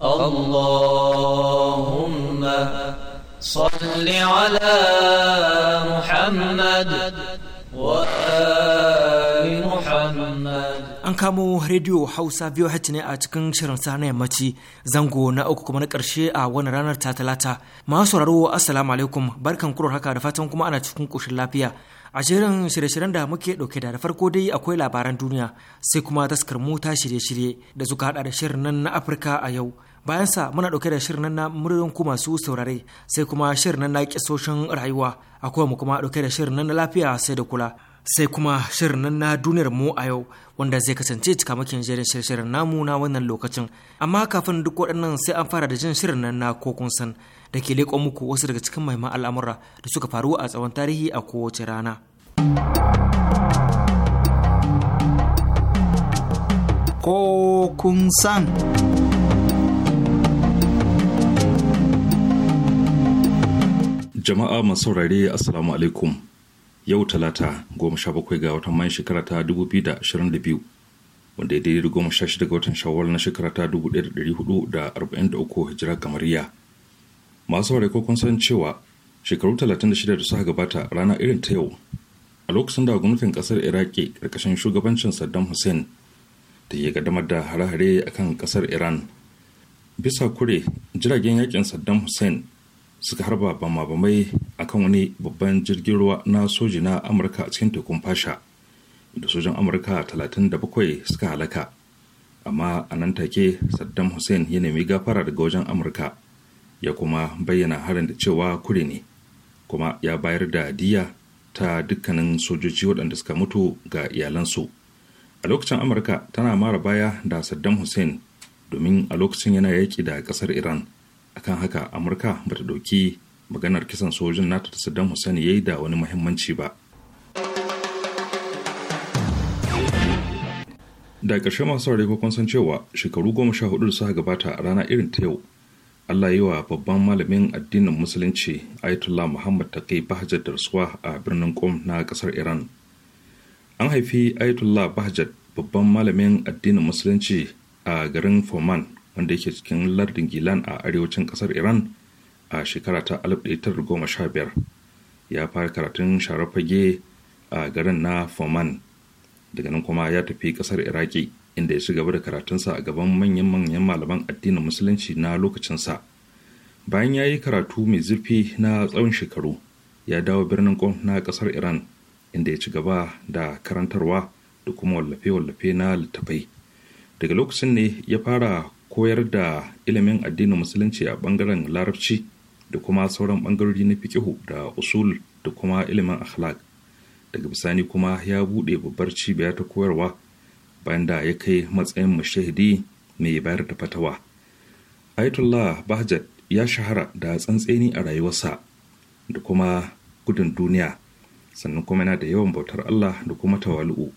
اللهم صل على محمد وآل محمد An kamo rediyo Hausa VOH ne a cikin shirin sa yammaci zango na uku kuma na ƙarshe a wani ranar ta talata. Masu sauraro Assalamu alaikum barkan kurar haka da fatan kuma ana cikin ƙoshin lafiya. A shirin shirye-shiryen da muke ɗauke da da farko dai akwai labaran duniya sai kuma taskar mu ta shirye-shirye da suka haɗa da shirin nan na Afirka a yau. bayan sa muna dauke da shirin nan na muryoyin ku masu saurare sai kuma shirin nan na kisoshin rayuwa akwai mu kuma dauke da shirin nan na lafiya sai da kula sai kuma shirin nan na duniyar mu a yau wanda zai kasance cikamakin jerin shirin namu na wannan lokacin amma kafin duk waɗannan sai an fara da jin shirin nan na ko kun san da ke leƙo muku wasu daga cikin mahimman al'amura da suka faru a tsawon tarihi a kowace rana. Ko kun san. Jama'a masu saurare Assalamu alaikum. Yau Talata goma sha bakwai ga watan mayan shekara ta dubu biyu da ashirin da biyu wanda ya daidai goma sha shida ga watan Shawar na shekara ta dubu ɗaya da ɗari hudu da arba'in da uku hijira kamariya. Masu saurare ko kun san cewa shekaru talatin da shida da suka gabata rana irin ta yau a lokacin da gwamnatin kasar Iraki ƙarƙashin shugabancin Saddam Hussein da ya gadamar da hare-hare akan kasar Iran. Bisa kure jiragen yakin Saddam Hussein suka harba bama bamabamai a kan wani babban jirgin ruwa na soji na amurka a cikin tekun fasha da sojan amurka 37 suka halaka amma a nan take saddam hussein ya nemi gafara daga wajen amurka ya kuma bayyana harin da cewa kure ne kuma ya bayar da diya ta dukkanin sojoji waɗanda suka mutu ga iyalansu a lokacin amurka tana mara baya da saddam hussein domin a lokacin yana yaƙi da ƙasar iran akan haka amurka ba ta ɗauki maganar kisan sojin nata ta saddam hussein ya yi da wani muhimmanci ba da ƙarshe masu saurari ko kun san cewa shekaru goma sha hudu da suka gabata a rana irin ta yau allah yi wa babban malamin addinin musulunci ayatollah muhammad taqi bahjad da rasuwa a birnin qom na ƙasar iran an haifi ayatollah bahjad babban malamin addinin musulunci a garin foman wanda yake cikin lardin gilan a arewacin kasar iran a shekara ta 1915 ya fara karatun sharafage a garin na foman daga nan kuma ya tafi kasar iraki inda ya ci gaba da karatunsa a gaban manyan manyan malaman addinin musulunci na lokacinsa bayan ya yi karatu mai zurfi na tsawon shekaru ya dawo birnin kom na kasar iran inda ya ci gaba da karantarwa da kuma wallafe-wallafe na littafai daga lokacin ne ya fara koyar da ilimin addinin musulunci a bangaren larabci da kuma sauran bangarori na fikihu da usul da kuma ilimin akhlaq daga bisani kuma ya buɗe babbar cibiya ta koyarwa bayan da ya kai matsayin mashahidi mai bayar da fatawa ayatollah bahjat ya shahara da tsantseni a rayuwarsa da kuma gudun duniya sannan kuma yana da yawan bautar allah da kuma tawalu'u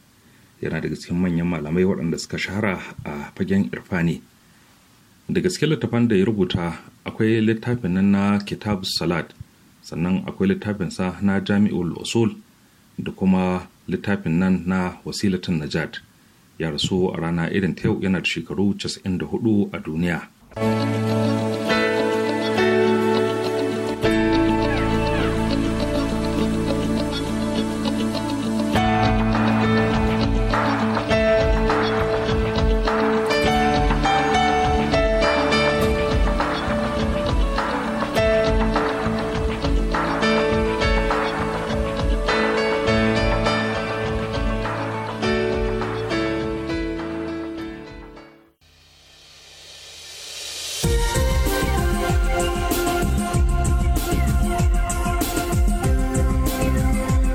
yana daga cikin manyan malamai waɗanda suka shahara a fagen irfani da gaske littafan da ya rubuta akwai littafin nan na kitab salad sannan akwai littafin sa na jami'ul usul da kuma littafin nan na wasilatun najat ya rasu a rana irin ta yau yana da shekaru 94 a duniya.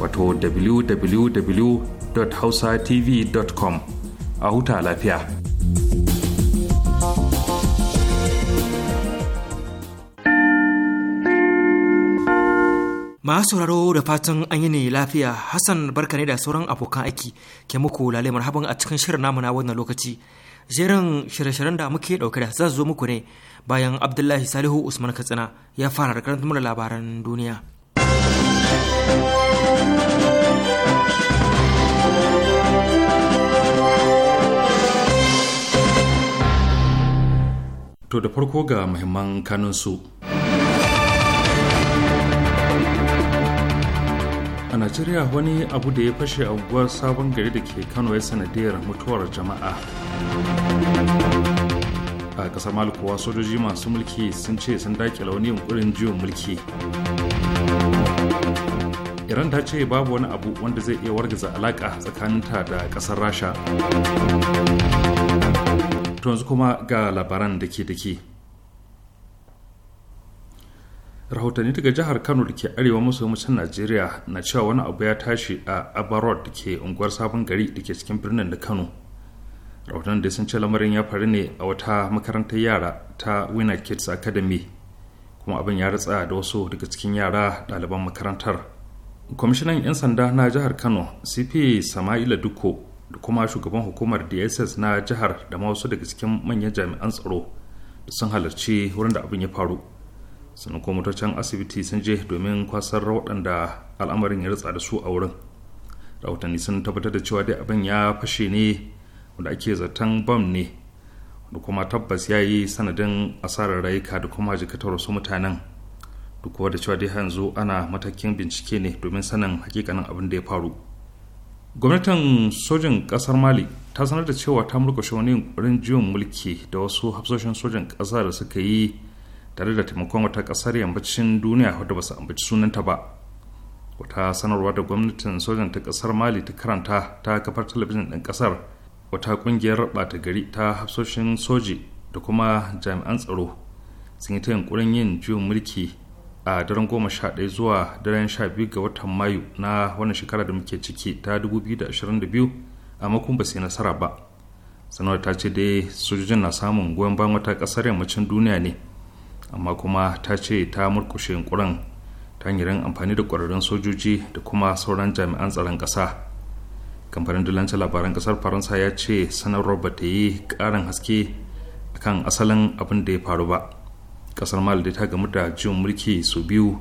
wato www.hausatv.com a huta lafiya. Masu sauraro da fatan an yi ne lafiya Hassan barka ne da sauran abokan aiki ke muku lalai marhaban a cikin shirin namu na wannan lokaci. Jerin shirye-shiryen da muke ɗauke da za zo muku ne bayan Abdullahi Salihu Usman Katsina ya fara karanta mana labaran duniya. To da farko ga muhimman kanunsu. A Najeriya wani abu da ya fashe unguwar sabon gari da ke Kano ya sanadiyar mutuwar jama'a. A ƙasar Malikuwa sojoji masu mulki sun ce sun dakila wani yunkurin juyin mulki. iran ta ce babu wani abu wanda zai iya wargaza alaƙa tsakaninta da ƙasar rasha to yanzu kuma ga labaran da ke da ke rahotanni daga jihar kano da ke arewa maso yammacin najeriya na cewa wani abu ya tashi a abarod da ke unguwar sabon gari da ke cikin birnin da kano rahotanni da sun ce lamarin ya faru ne a wata makarantar yara ta winner kids academy kuma abin ya ratsa da wasu daga cikin yara ɗaliban makarantar kwamishinan 'yan sanda na jihar kano cp sama'ila duko da kuma shugaban hukumar dss na jihar da ma wasu daga cikin manyan jami'an tsaro da sun halarci wurin da abin ya faru sannan kuma motocin asibiti sun je domin kwasar waɗanda al'amarin ya ritsa da su a wurin rahotanni sun tabbatar da cewa dai abin ya fashe ne wanda ake zaton bam ne da kuma tabbas ya yi sanadin asarar rayuka da kuma jikatar wasu mutanen duk da cewa dai yanzu ana matakin bincike ne domin sanin hakikanin abin da ya faru gwamnatin sojin kasar mali ta sanar da cewa ta murkushe wani yunkurin jiwon mulki da wasu hafsoshin sojin ƙasa da suka yi tare da taimakon wata kasar yammacin duniya wadda ba su ambaci sunanta ba wata sanarwa da gwamnatin sojan ta kasar mali ta karanta ta kafar talabijin ɗin ƙasar wata ƙungiyar bata gari ta hafsoshin soji da kuma jami'an tsaro sun yi ta yunkurin yin juyin mulki a daren goma sha ɗaya zuwa daren sha biyu ga watan mayu na wannan shekara da muke ciki ta 2022 amma kuma ba su yi nasara ba sanarwar ta ce dai sojojin na samun goyon bayan wata ƙasar yammacin duniya ne amma kuma ta ce ta murkushe yunkurin ta hanyar amfani da ƙwararrun sojoji da kuma sauran jami'an tsaron ƙasa kamfanin dalancin labaran ƙasar faransa ya ce sanarwar ba ta yi ƙarin haske akan asalin abin da ya faru ba kasar mali ta gamu da jin mulki su biyu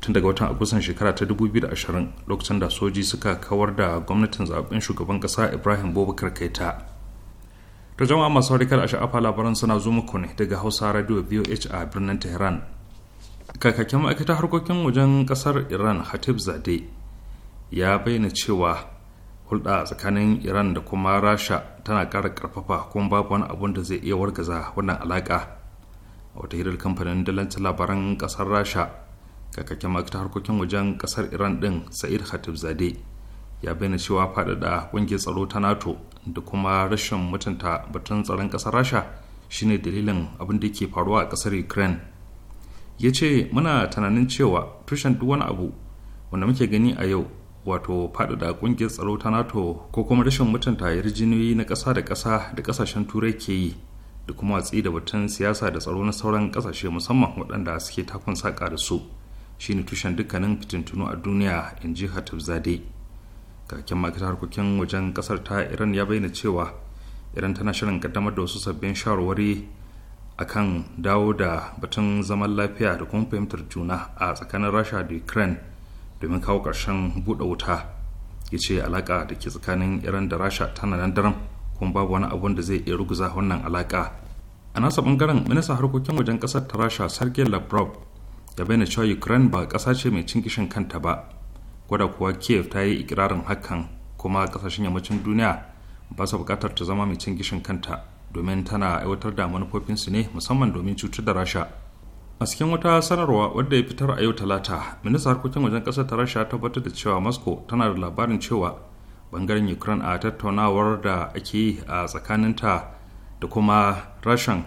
tun daga watan agusan shekara ta 2020 lokacin da soji suka kawar da gwamnatin zaben shugaban kasa ibrahim bobakar kaita ta jama'a masu harikar a sha'afa labaran suna zo muku ne daga hausa radio voh a birnin tehran kakakin ma'aikatar harkokin wajen kasar iran hatib zade ya bayyana cewa hulɗa tsakanin iran da kuma rasha tana ƙara ƙarfafa kuma babu wani abun da zai iya wargaza wannan alaƙa wata hirar kamfanin dalancin labaran kasar rasha kakakken makita harkokin wajen kasar iran din sa'id khatibzade ya bayyana cewa faɗaɗa ƙungiyar tsaro ta nato da kuma rashin mutunta batun tsaron kasar rasha shine dalilin abin da ke faruwa a kasar ukraine ya ce muna tunanin cewa tushen duk wani abu wanda muke gani a yau wato faɗaɗa ƙungiyar tsaro ta nato ko kuma rashin mutunta yarjiniyoyi na ƙasa da ƙasa da ƙasashen turai ke yi da kuma watsi da batun siyasa da tsaro na sauran kasashe musamman waɗanda suke takun saƙa da su shine tushen dukkanin fitintunu a duniya in ji zade kakin makita harkokin wajen ƙasar ta iran ya bayyana cewa iran tana shirin kaddamar da wasu sabbin shawarwari akan dawo da batun zaman lafiya da kuma fahimtar juna a tsakanin rasha da ukraine domin kawo ƙarshen buɗe wuta ya ce alaƙa da ke tsakanin iran da rasha tana nan daram kuma babu wani abun da zai iya ruguza wannan alaka a nasa bangaren minista harkokin wajen kasar ta rasha sergei lavrov ya bayyana cewa ukraine ba kasa ce mai cin kishin kanta ba gwada kuwa kiev ta yi ikirarin hakan kuma kasashen yammacin duniya ba su bukatar ta zama mai cin gishin kanta domin tana aiwatar da manufofinsu ne musamman domin cutar da rasha a cikin wata sanarwa wadda ya fitar a yau talata minista harkokin wajen kasar ta rasha tabbatar da cewa moscow tana da labarin cewa bangaren ukraine a tattaunawar da ake yi a tsakaninta da kuma rashin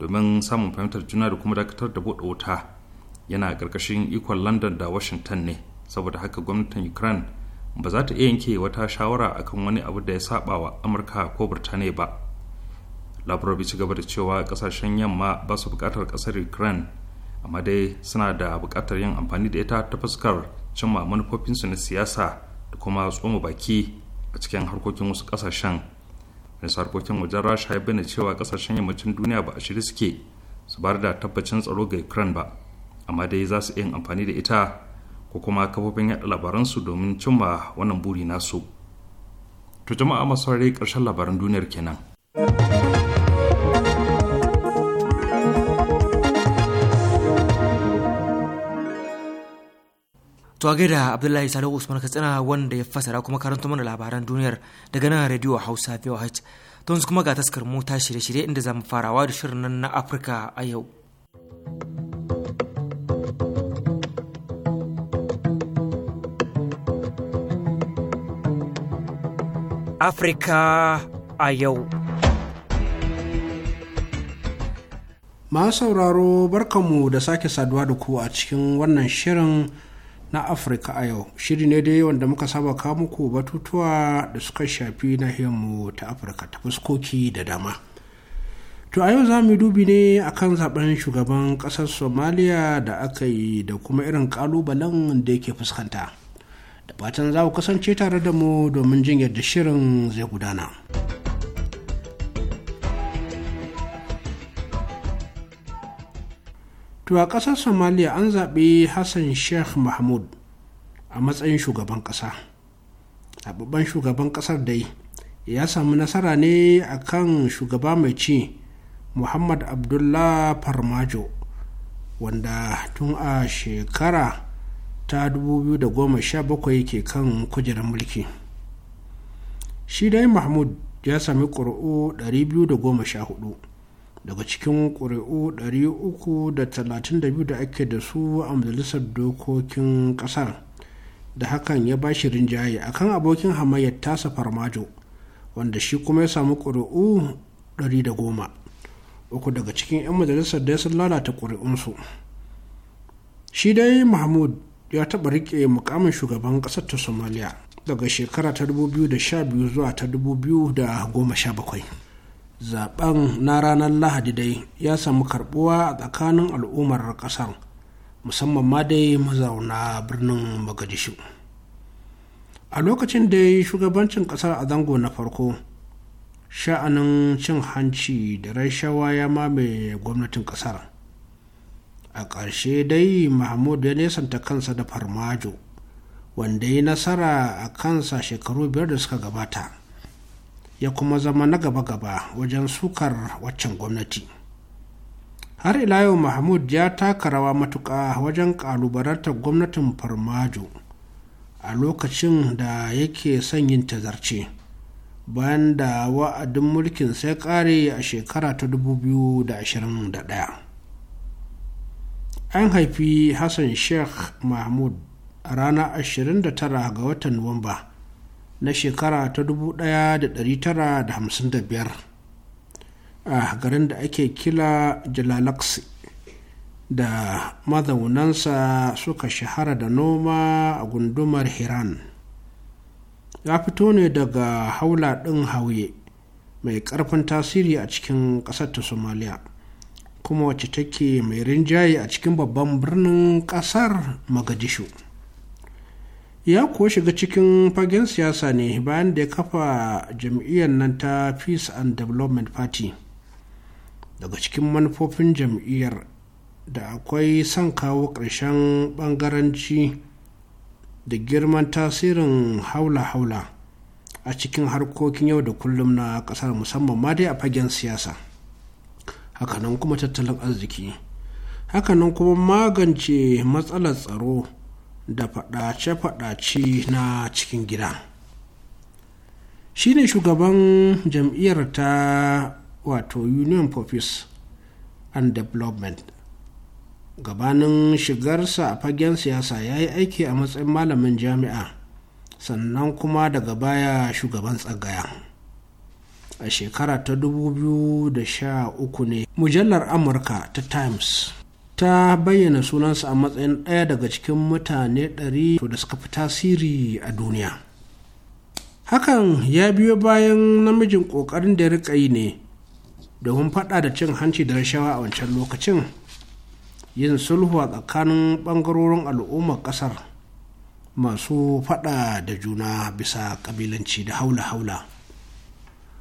domin samun fahimtar juna da kuma dakatar da buɗe wuta yana ƙarƙashin ikon london da washington ne saboda haka gwamnatin ukraine ba za ta iya yanke wata shawara akan wani abu da ya saba wa amurka ko birtaniya ba labarobi ci gaba da cewa kasashen yamma ba su buƙatar ƙasar ukraine amma dai suna da buƙatar yin amfani da ita ta fuskar cimma manufofinsu na siyasa da kuma tsoma baki a cikin harkokin wasu kasashen su harkokin wajen rasha ya bayyana cewa kasashen yammacin duniya ba a shirye suke su bar da tabbacin tsaro ga ukraine ba amma dai za su yin amfani da ita ko kuma kafofin yaɗa labaransu domin cimma wannan buri nasu to jama'a masu karshen labaran duniyar kenan. To a gaida Abdullahi Salihu Usman Katsina wanda ya fasara kuma karanta mana labaran duniyar daga nan Radio Hausa VOH. To kuma ga taskar mota shirye-shirye inda zamu farawa da shirin nan na Afirka a yau. Afirka a yau. Masu sauraro barkanmu da sake saduwa da ku a cikin wannan shirin na afirka a yau shiri ne dai wanda muka saba kawo muku batutuwa da suka shafi nahiyarmu ta afirka ta fuskoki da dama to a yau za mu dubi ne akan zaben shugaban kasar somaliya da aka yi da kuma irin kalubalen da yake fuskanta da fatan za ku kasance tare da mu domin jin yadda shirin zai gudana. to a ƙasar somaliya an zaɓi hassan sheikh mahmud a matsayin shugaban ƙasa babban shugaban ƙasar dai ya samu nasara ne a kan shugaba mai ci muhammad abdullah farmajo wanda tun a shekara ta 2017 ke kan kujerar mulki shi dai mahmud ya sami ƙuri'u 214 daga cikin ƙuri'u 332 da ake da su a majalisar dokokin ƙasar da hakan ya ba shi rinjaye akan abokin hamayyar tasa farmajo wanda shi kuma ya samu ƙuri'u goma. uku daga cikin 'yan majalisar da ya sun lalata ƙuri'unsu shi dai mahmud ya taɓa riƙe mukamin shugaban ƙasar ta somaliya daga shekara ta 2012 zuwa ta 2017 zaben na ranar lahadi dai ya samu karbuwa a tsakanin al'ummar kasar musamman ma dai mazauna birnin mogadishu a lokacin da ya yi shugabancin kasar a zango na farko sha'anin cin hanci da rashawa ya mamaye gwamnatin kasar a ƙarshe dai mahmud ya nesanta kansa da farmajo wanda ya nasara a kansa shekaru biyar da suka gabata ya kuma zama na gaba-gaba wajen sukar waccan gwamnati har ila yau mahmud ya taka rawa matuƙa wajen ƙalubalantar gwamnatin farmajo a lokacin da yake son yin tazarce bayan da wa'adin mulkin sai ƙare a shekara ta 2021 an haifi hassan sheikh mahmud a ranar 29 ga watan nuwamba na shekara ta 1955 a garin da ake kila jalalaksi da mazaunansa suka shahara da noma a gundumar hiran ya fito ne daga haula ɗin hauye mai ƙarfin tasiri a cikin ƙasar ta somaliya kuma wacce take mai rinjaye a cikin babban birnin ƙasar magadishu ya kuwa shiga cikin fagen siyasa ne bayan da ya kafa jam'iyyar nan ta peace and development party daga cikin manufofin jam'iyyar da akwai son kawo ƙarshen ɓangaranci da girman tasirin haula-haula a cikin harkokin yau da kullum na ƙasar musamman ma dai a fagen siyasa hakanan kuma tattalin arziki hakanan kuma magance matsalar tsaro da faɗace-faɗace na cikin gida shine shugaban jam'iyyar ta wato union for peace and development gabanin shigarsa a fagen siyasa ya yi aiki a matsayin malamin jami'a sannan kuma daga baya shugaban tsagaya a shekara ta 2013 ne mujallar amurka ta times ta bayyana sunansa a matsayin ɗaya daga cikin mutane ɗari da suka fi tasiri a duniya hakan ya biyo bayan namijin ƙoƙarin da ya riƙa yi ne domin faɗa da cin hanci da rashawa a wancan lokacin yin sulhu a tsakanin ɓangarorin al'ummar ƙasar masu faɗa da juna bisa ƙabilanci da haula-haula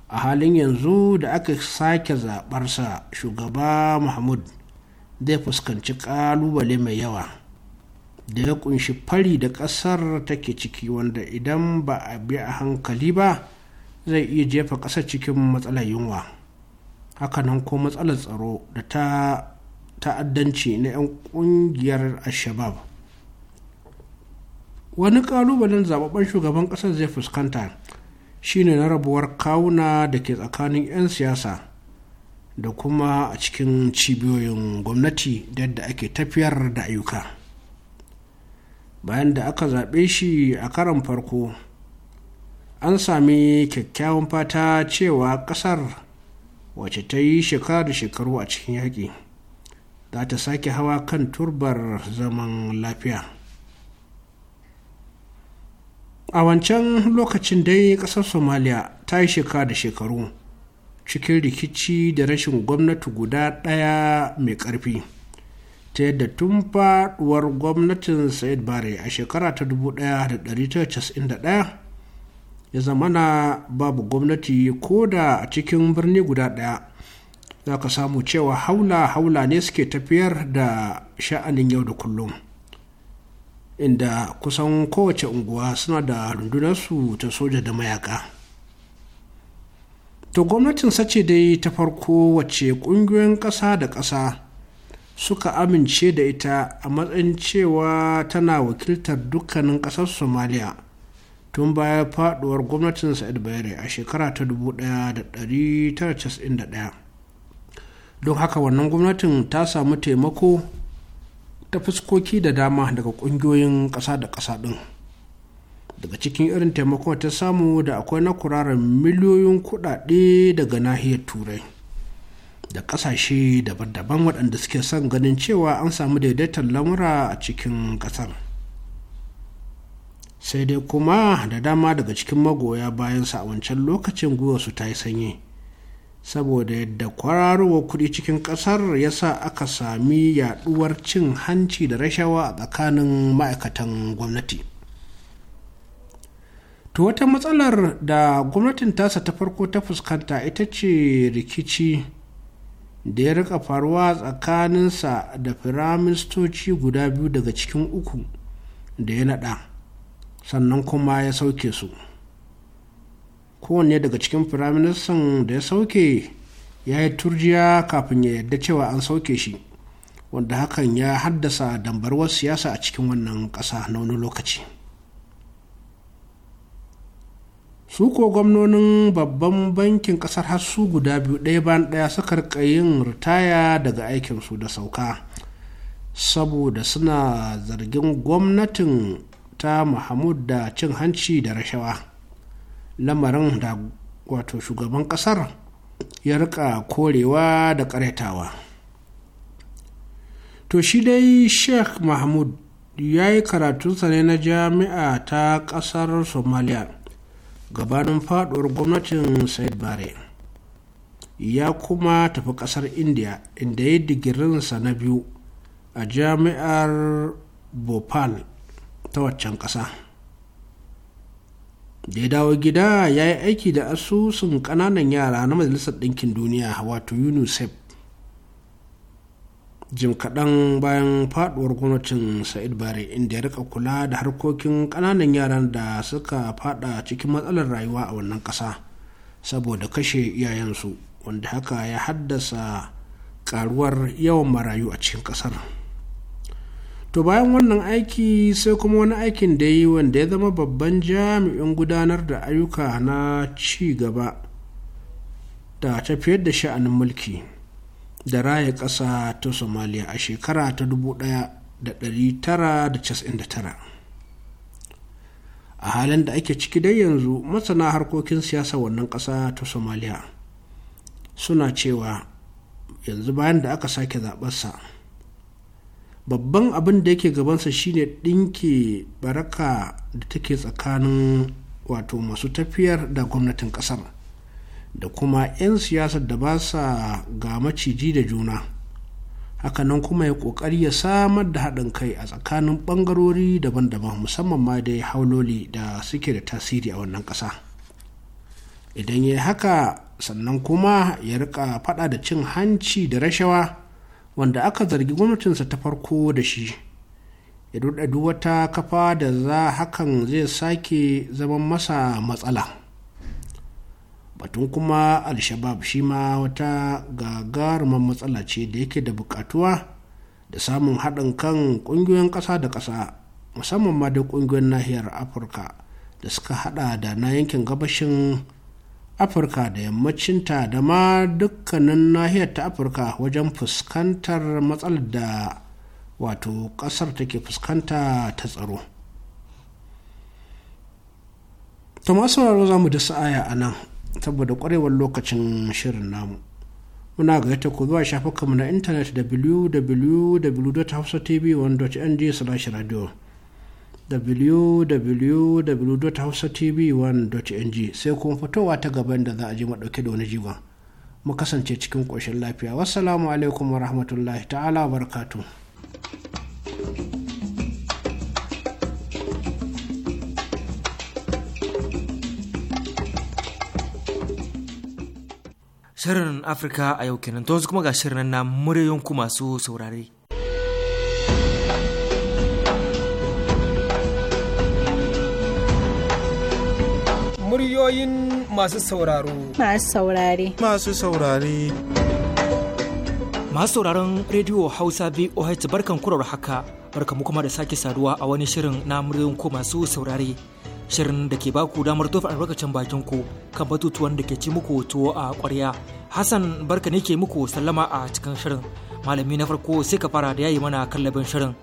a halin yanzu da aka sake zaɓarsa shugaba mahmud zai fuskanci ƙalubale mai yawa da ya kunshi fari da ƙasar take ciki wanda idan ba a bi a hankali ba zai iya jefa ƙasar cikin matsalar yunwa hakanan ko matsalar tsaro da ta ta'addanci na 'yan ƙungiyar al wani ƙalubalen zababben shugaban ƙasar zai fuskanta shine na rabuwar kawuna da ke tsakanin 'yan siyasa da kuma a cikin cibiyoyin gwamnati da yadda ake tafiyar da ayyuka bayan da aka zaɓe shi a karon farko an sami kyakkyawan fata cewa ƙasar wace ta yi shekaru da shekaru a cikin yaƙi za ta sake hawa kan turbar zaman lafiya a wancan lokacin dai ƙasar somaliya ta yi shekaru da shekaru cikin rikici da rashin gwamnati guda ɗaya mai ƙarfi ta yadda tun faɗuwar gwamnatin said bare a shekara ta 1991 ya zamana babu gwamnati ko da a cikin birni guda ɗaya za ka samu cewa haula-haula ne suke tafiyar da sha'anin yau da kullum inda kusan kowace unguwa suna da rundunarsu ta soja da mayaka. to gwamnatin sace dai ta farko wacce ƙungiyoyin ƙasa da ƙasa suka amince da ita a matsayin cewa tana wakiltar dukkanin ƙasar somalia tun baya faɗuwar gwamnatin sa'id bayere a shekara ta 1991 don haka wannan gwamnatin ta samu taimako ta fuskoki da dama daga ƙungiyoyin ƙasa da ƙasa ɗin. daga cikin irin taimakon ta samu da akwai na kuraren miliyoyin kudade daga nahiyar turai da kasashe daban-daban waɗanda suke son ganin cewa an samu daidaiton lamura a cikin ƙasar sai dai kuma da dama daga cikin magoya bayan a wancan lokacin su ta yi sanyi saboda yadda kwararowar kuɗi cikin ƙasar ya sa aka sami yaɗuwar cin hanci da rashawa a tsakanin ma'aikatan gwamnati. To wata matsalar da gwamnatin tasa ta farko ta fuskanta ita ce rikici da ya rika faruwa tsakaninsa da firaministoci guda biyu daga cikin uku da ya naɗa sannan kuma ya sauke su. Kowanne daga cikin firaministan da ya sauke ya yi turjiya kafin ya yarda cewa an sauke shi wanda hakan ya haddasa dambarwar siyasa a cikin wannan ƙasa na wani lokaci. su ko gwamnonin babban bankin kasar har su guda biyu ɗaya bayan ɗaya suka rika yin ritaya daga aikinsu da sauka saboda suna zargin gwamnatin ta mahmud da cin hanci da rashawa lamarin da wato shugaban kasar ya rika korewa da karetawa to shi dai sheikh mahmud ya yi karatunsa ne na jami'a ta kasar somalia gabanin faduwar gwamnatin said bare ya kuma tafi kasar india inda ya digirinsa na biyu a jami'ar bhopal ta waccan kasa da ya dawo gida ya yi aiki da asusun kananan yara na majalisar ɗinkin duniya wato unicef jim kaɗan bayan faɗuwar gwamnatin sa'id bari inda ya rika kula da harkokin ƙananan yaran da suka faɗa cikin matsalar rayuwa a wannan ƙasa saboda kashe iyayensu wanda haka ya haddasa ƙaruwar yawan marayu a cikin ƙasar to bayan wannan aiki sai kuma wani aikin da yi wanda ya zama babban jami'in gudanar da ayyuka na ci gaba da tafiyar da sha'anin mulki. da raya ƙasa ta somaliya a shekara ta 1999 a halin da ake ciki dai yanzu masana harkokin siyasa wannan ƙasa ta somaliya suna cewa yanzu bayan da aka sake zaɓarsa babban abin da yake gabansa shine ɗinke baraka da take tsakanin wato masu tafiyar da gwamnatin ƙasar da kuma 'yan siyasar da ba sa ga maciji da juna hakanan kuma ya kokari ya samar da haɗin kai a tsakanin ɓangarori daban-daban musamman ma dai hauloli da suke da tasiri a wannan ƙasa idan ya haka sannan kuma ya rika faɗa da cin hanci da rashawa wanda aka zargi gwamnatinsa ta farko da shi ya duk wata kafa da za hakan zai sake zaman masa matsala. batun kuma al-shabab shi ma wata gagarumar matsala ce da yake da bukatuwa da samun haɗin kan ƙungiyoyin ƙasa da ƙasa musamman ma da ƙungiyoyin nahiyar afirka da suka haɗa da na yankin gabashin afirka da yammacinta da ma dukkanin nahiyar ta afirka wajen fuskantar matsalar da wato ƙasar take fuskanta ta tsaro ta masu za mu da sa'aya a nan saboda kwarewar lokacin shirin namu muna gayyata ku zuwa shafukanmu na intanet www.hausatv1.ng/radio www.hausatv1.ng sai kuma fitowa ta gaban da za a ji maɗauke da wani jigon mu kasance cikin ƙoshin lafiya wassalamu alaikum wa rahmatullahi ta'ala barkatu. Shirin Afirka a yau kenan to kuma ga shirin na muryoyin ku masu saurare. Muryoyin masu sauraro. Masu saurare. Masu saurare. Masu sauraron rediyo Hausa VOH barkan kurar haka barkamu kuma da sake saduwa a wani shirin na muryoyin ku masu saurare. shirin da ke baku damar tofa albarkacin bakin ku kan batutuwan da ke ci muku tuwo a kwarya Hassan barka ne ke muku sallama a cikin shirin. Malami na farko sai ka fara da yayi mana kallabin shirin.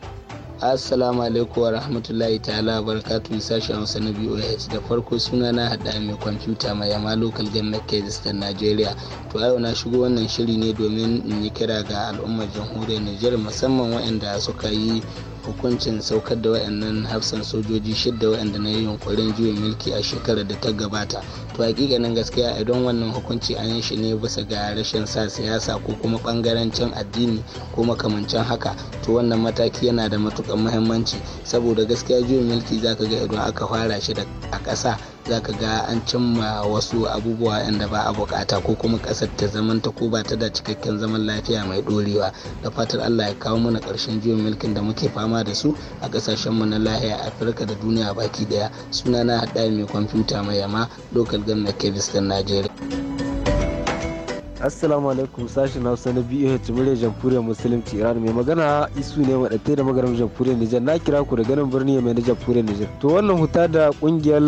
Assalamu alaikum wa rahmatullahi ta'ala barakatuhu sashen Hausa na BOH da farko suna na hada mai kwamfuta mai yamma local government Kyrgyz Najeriya. To yau na shigo wannan shiri ne domin in yi kira ga al'ummar jamhuriyar Nijar musamman waɗanda suka yi hukuncin saukar da wayannan hafsan sojoji shidda wayanda na yi yunkurin juyin mulki a shekarar da ta gabata to nan gaskiya idan wannan hukunci an yi shi ne bisa ga rashin sa siyasa ko kuma bangarancin addini ko makamancin haka to wannan mataki yana da matukan muhimmanci saboda gaskiya juyin mulki zaka ga idan aka fara shi a ƙasa za ka ga an cimma wasu abubuwa yadda ba a bukata ko kuma kasar ta zamanta ko ba ta da cikakken zaman lafiya mai dorewa da fatar allah ya kawo mana karshen juyin milkin da muke fama da su a kasashen mu na lahiya afirka da duniya baki daya na haɗa mai kwamfuta mai yama lokal na kebis nigeria. assalamu alaikum sashen hausa na biyu murya jamhuriyar musulunci iran mai magana isu ne maɗatai da magaram jamhuriyar nijar na kira ku da ganin birni mai na jamhuriyar nijar to wannan huta da kungiyar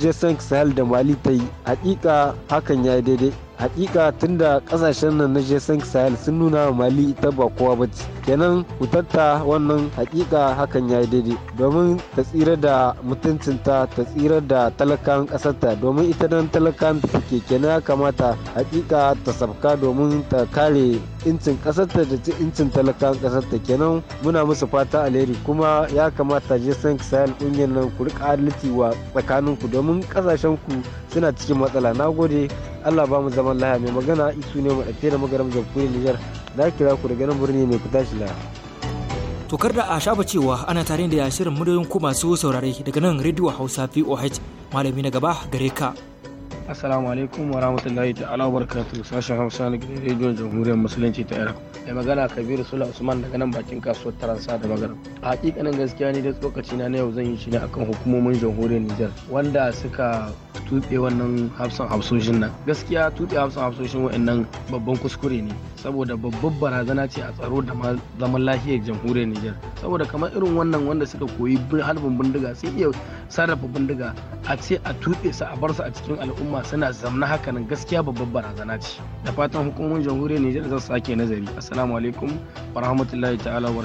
jason sahel da mali ta yi hakika hakan ya yi daidai hakika tunda kasashen nan na jason sahel sun nuna wa mali ita ba kowa ba ce kenan hutatta wannan hakika hakan ya yi daidai domin ta tsira da mutuncinta ta tsira da talakan kasarta domin ita nan talakan ta suke kenan ya kamata hakika ta sabka domin ta kare incin da incin talakan kasarta kenan muna musu fata alheri kuma ya kamata je san sahel ƙungiyar nan ku riƙa adalci wa tsakaninku domin kasashen ku suna cikin matsala na gode allah ba mu zaman lahiya mai magana isu ne mu ɗafe da magaram jamhuriyar nijar na kira ku daga nan birni mai ku tashi tokar To da a shafa cewa ana tare da yashirin muryoyin ku masu saurare daga nan Radio Hausa VOH malami na gaba gare ka. Assalamu alaikum wa rahmatullahi ta'ala wa barakatuh sashen Hausa na gidan rediyon Jamhuriyar Musulunci ta Iraq. Mai magana Kabiru Sula Usman daga nan bakin kasuwar Taransa da magana. A hakikanin gaskiya ne da tsokaci na yau zan yi shi ne akan hukumomin Jamhuriyar Nijar wanda suka tuɗe wannan hafsan hafsoshin nan gaskiya tuɓe hafsan hafsoshin wa'annan babban kuskure ne saboda babbar barazana ce a tsaro da zaman lafiyar jamhuriyar Nijar saboda kamar irin wannan wanda suka koyi halbin bindiga sun iya sarrafa bindiga a ce a tuɓe su a bar su a cikin al'umma suna zamna nan gaskiya babbar barazana ce da fatan hukumomin jamhuriyar Nijar za su sake nazari assalamu alaikum wa rahmatullahi ta'ala wa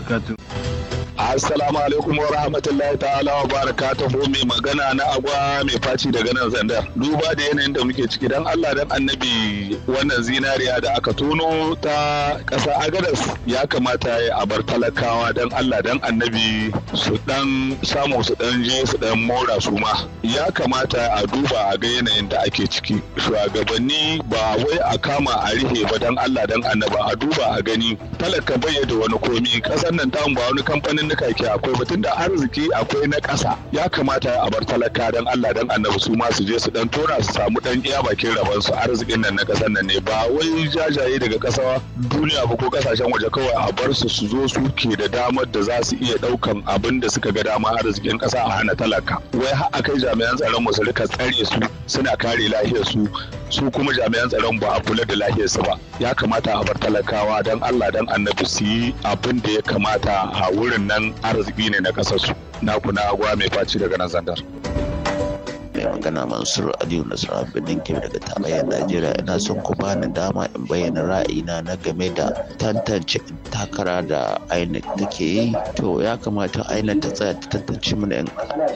Assalamu alaikum wa rahmatullahi ta'ala wa ta mai magana na agwa mai faci daga nan zandar. Duba da yanayin da muke ciki dan Allah dan annabi wannan zinariya da aka tono ta ƙasa Agadas ya kamata a bar talakawa dan Allah dan annabi su dan samu su dan je su dan mora su ma. Ya kamata a duba a ga yanayin da ake ciki. Shugabanni ba wai a kama a rihe ba dan Allah dan annaba a duba a gani talaka bai da wani komi ƙasar nan ta ba wani kamfanin ke akwai batun da arziki akwai na ƙasa ya kamata a bar talaka don Allah don annabi su ma su je su dan tona su samu dan iya bakin rabon su arzikin nan na ƙasar nan ne ba wai jajaye daga ƙasa duniya ba ko ƙasashen waje kawai a bar su su zo su ke da damar da za su iya ɗaukan abin da suka ga dama arzikin ƙasa a hana talaka wai har akai jami'an tsaron mu su rika tsare su suna kare lafiyar su su kuma jami'an tsaron ba a kula da lafiyar su ba ya kamata a bar talakawa don Allah don annabi su yi abin da ya kamata a wurin nan arziki ne na ƙasarsu. Na kuna agwa mai faci daga nan zandar. mai magana mansur aliyu nasara birnin kebe daga tarayyar najeriya ina son ku ni dama in bayyana ra'ayina na game da tantance takara da inec take yi to ya kamata inec ta tsaya ta tantance mana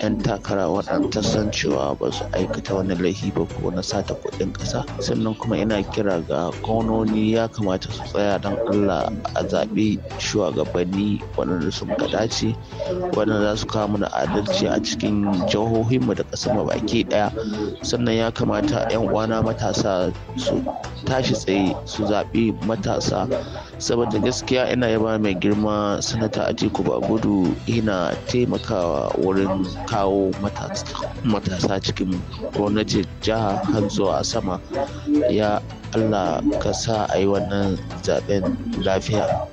yan takara waɗanda san cewa ba su aikata wani laifi ba ko na sata kuɗin ƙasa sannan kuma ina kira ga kononi ya kamata su tsaya don allah a zaɓi shugabanni waɗanda sun ka dace waɗanda za su kawo mana adalci a cikin jihohinmu da ƙasar mu baki baki daya sannan ya kamata 'yan uwana matasa su tashi tsaye su zaɓi matasa saboda gaskiya ina yaba mai girma sanata atiku gudu yana taimakawa wurin kawo matasa cikin gwamnatin jiha har zuwa sama ya allah ka sa a yi wannan zaben lafiya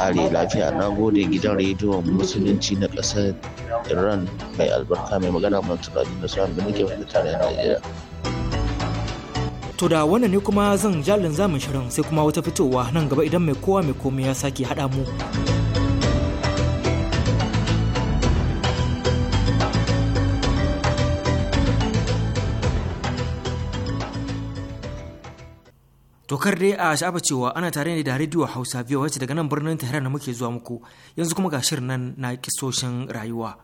ƙare lafiya na gode gidan rediyon musulunci na ƙasar iran mai albarka mai magana tunani na nasu da nake fata tare najeriya to da wannan ne kuma zan jalin zamun shirin sai kuma wata fitowa nan gaba idan mai kowa mai komai ya sake haɗa mu. To kar dai a shafa cewa ana tare ne da rediyo Hausa biyu wacce daga nan birnin Tehran da muke zuwa muku yanzu kuma ga shirin nan na kisoshin rayuwa.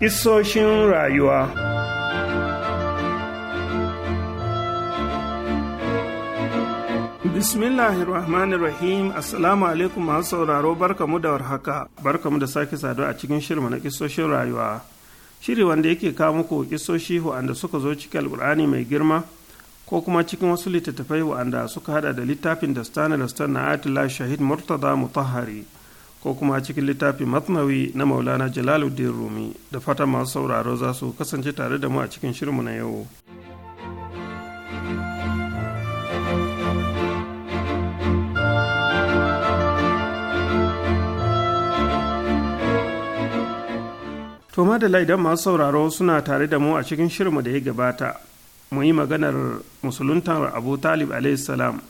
Isoshin rayuwa Bismillahir Rahmanir Rahim Assalamu alaikum masu sauraro barkamu da warhaka barkamu da sake saduwa a cikin shirma na kisoshin rayuwa shiri wanda yake kawo muku kisoshi wa'anda suka zo cikin alkur'ani mai girma ko kuma cikin wasu littattafai wa'anda suka hada da littafin da da na Atila Shahid Murtada Mutahhari ko kuma cikin littafin Matnawi na Maulana Jalaluddin Rumi da fata masu sauraro za su kasance tare da mu a cikin shirmu na yau. to madalla idan masu sauraro suna tare da mu a cikin shirinmu da ya gabata mu yi maganar musuluntar abu talib salam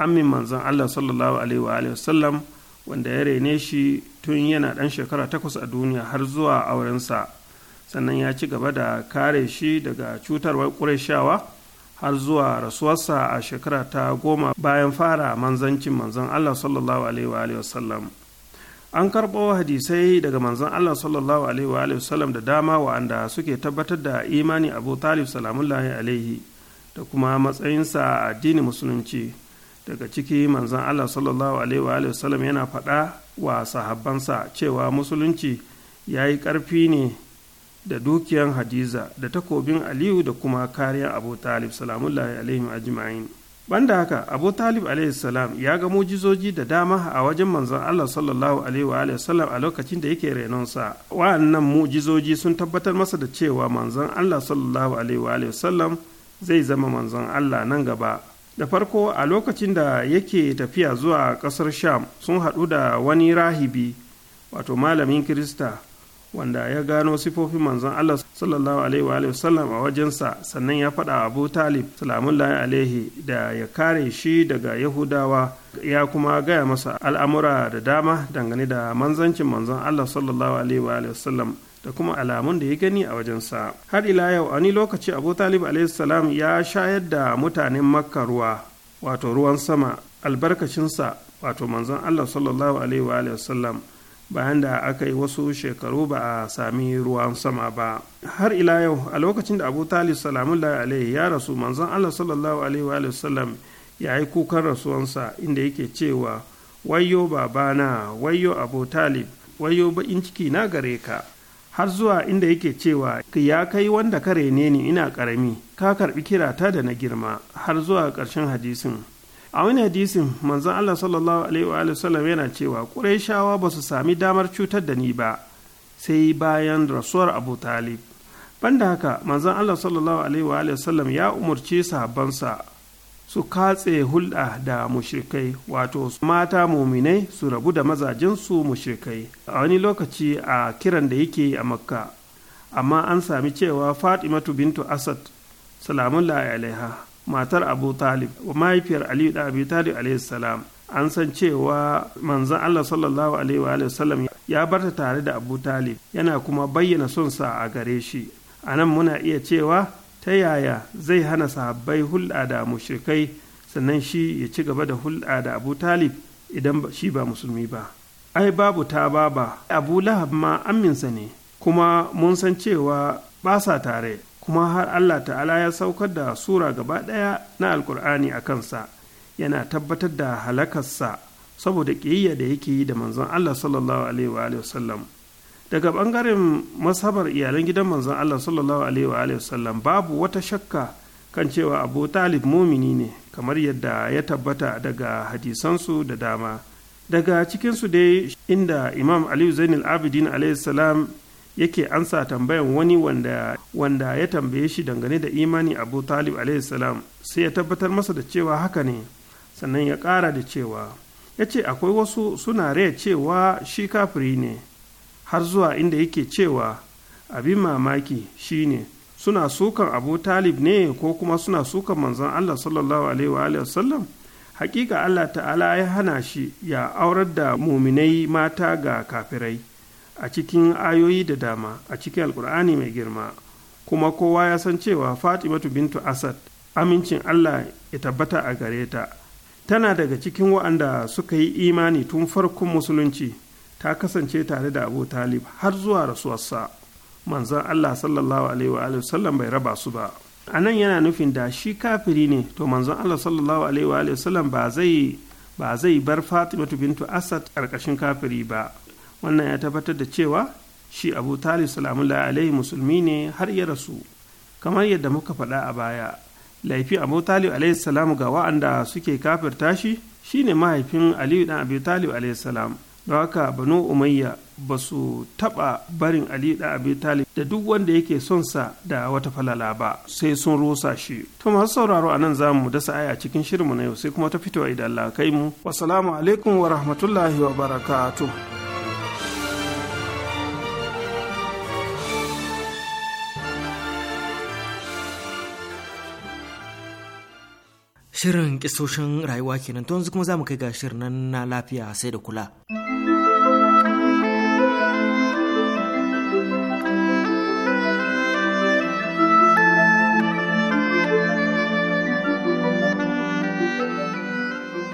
amin manzon allah sallallahu alaihi wa sallam wanda ya rene shi tun yana ɗan shekara takwas a duniya har zuwa aurensa sannan ya ci gaba da kare shi daga cutarwar ƙureshawa har zuwa rasuwarsa a shekara ta goma bayan fara manzancin manzon allah sallallahu alaihi wa sallam an karɓo hadisai daga manzon Allah sallallahu alaihi wa wasallam da dama wa'anda suke tabbatar da imani Abu Talib salamullahi alaihi da kuma matsayinsa a addinin musulunci daga ciki manzon Allah sallallahu alaihi wa wasallam yana faɗa wa sahabbansa cewa musulunci ya yi ƙarfi ne da dukiyan Hadiza da takobin Aliyu da kuma kariyar Abu Talib salamullahi alaihi ajma'in. banda haka abu talib salam ya ga mujizoji da dama a wajen manzon allah sallallahu alaihi wa a lokacin da yake renonsa wa'annan mujizoji sun tabbatar masa da cewa manzon allah sallallahu alaihi wa zai zama manzon allah nan gaba da farko a lokacin da yake tafiya zuwa ƙasar sham sun haɗu da wani rahibi wato malamin kirista wanda ya gano sifofin manzon Allah sallallahu alaihi wa sallam a wajensa sannan ya faɗa Abu Talib salamullahi alaihi da ya kare shi daga Yahudawa ya kuma gaya masa al'amura da dama dangane da manzancin manzon Allah sallallahu alaihi wa sallam da kuma alamun da ya gani a wajensa har ila yau wani lokaci Abu Talib alaihi salam ya shayar da mutanen Makka ruwa wato ruwan sama albarkacinsa wato manzon Allah sallallahu alaihi wa sallam bayan da aka yi wasu shekaru ba a sami ruwan sama ba har ila yau a lokacin da abu talib salamullahi alaihi ya rasu manzon allah sallallahu alaihi wa sallam ya yi kukan rasuwansa inda yake cewa wayo babana wayo abu talib wayo bakin ciki na gare ka har zuwa inda yake cewa ya kai wanda ka rene ni ina karami ka karbi kirata da na girma har zuwa ƙarshen hadisin a wani hadisin manzon Allah sallallahu alaihi wa sallam yana cewa ƙurai shawa ba su sami damar cutar da ni ba sai bayan rasuwar Abu Talib banda haka manzon Allah sallallahu alaihi wa ya umarci sahabbansa su katse hulɗa da mushrikai wato mata muminai su rabu da mazajensu mushrikai a wani lokaci a kiran da yake a makka amma an sami cewa fatimatu bintu asad salamun alaiha matar abu talib wa mahaifiyar aliyu da abu talib alaihissalam an san cewa manzan allah sallallahu alaihi wa sallam ya barta tare da abu talib yana kuma bayyana son sa a gare shi a nan muna iya cewa ta yaya zai hana sahabbai hulɗa da mushrikai sannan shi ya ci gaba da hulɗa da abu talib idan shi ba musulmi ba ai babu ta baba abu lahab ma aminsa ne kuma mun san cewa ba sa tare kuma har Allah ta'ala ya saukar da sura gaba ɗaya na alkur'ani a kansa yana tabbatar da halakarsa saboda ƙiyayya da yake yi da manzon Allah sallallahu alaihi wa sallam daga ɓangaren masabar iyalan gidan manzon Allah sallallahu alaihi wa sallam babu wata shakka kan cewa Abu Talib mumini ne kamar yadda ya tabbata daga hadisansu da dama daga cikinsu dai inda Imam Aliyu Zainul Abidin alaihi salam yake ansa tambayan wani wanda, wanda ya tambaye shi dangane da imani abu talib salam sai ya tabbatar masa da cewa haka ne sannan ya ƙara da cewa ya ce akwai wasu suna raya cewa shi kafiri ne har zuwa inda yake cewa abin mamaki shi ne, suna sukan abu talib ne ko kuma suna sukan manzon allah sallallahu alaihi wa sallam hakika allah ta'ala ya hana shi ya aurar da muminai mata ga kafirai a cikin ayoyi da dama a cikin alkur'ani mai girma kuma kowa ya san cewa fatimatu bintu asad amincin allah ya tabbata a gare ta tana daga cikin wa'anda suka yi imani tun farkon musulunci ta kasance tare da abu talib har zuwa rasuwarsa manzan allah sallallahu alaihi wa sallam bai raba su ba a nan yana nufin da shi kafiri ne to manzon allah sallallahu alaihi wa sallam ba zai zai bar fatimatu bintu asad ƙarƙashin kafiri ba wannan ya tabbatar da cewa shi abu talib salamullahi alaihi musulmi ne har ya rasu kamar yadda muka faɗa a baya laifi abu talib alaihi salam ga wa'anda suke kafirta shi shine mahaifin aliyu dan abu talib alaihi salam don haka banu umayya ba su taɓa barin aliyu dan abu talib da duk wanda yake son sa da wata falala ba sai sun rusa shi to masu sauraro a nan zamu dasa aya cikin shirinmu na yau sai kuma ta fito idan Allah kai mu wasalamu alaikum wa rahmatullahi wa barakatuh Shirin kisoshin rayuwa kenan to yanzu kuma za mu kai ga shirin na lafiya sai da kula.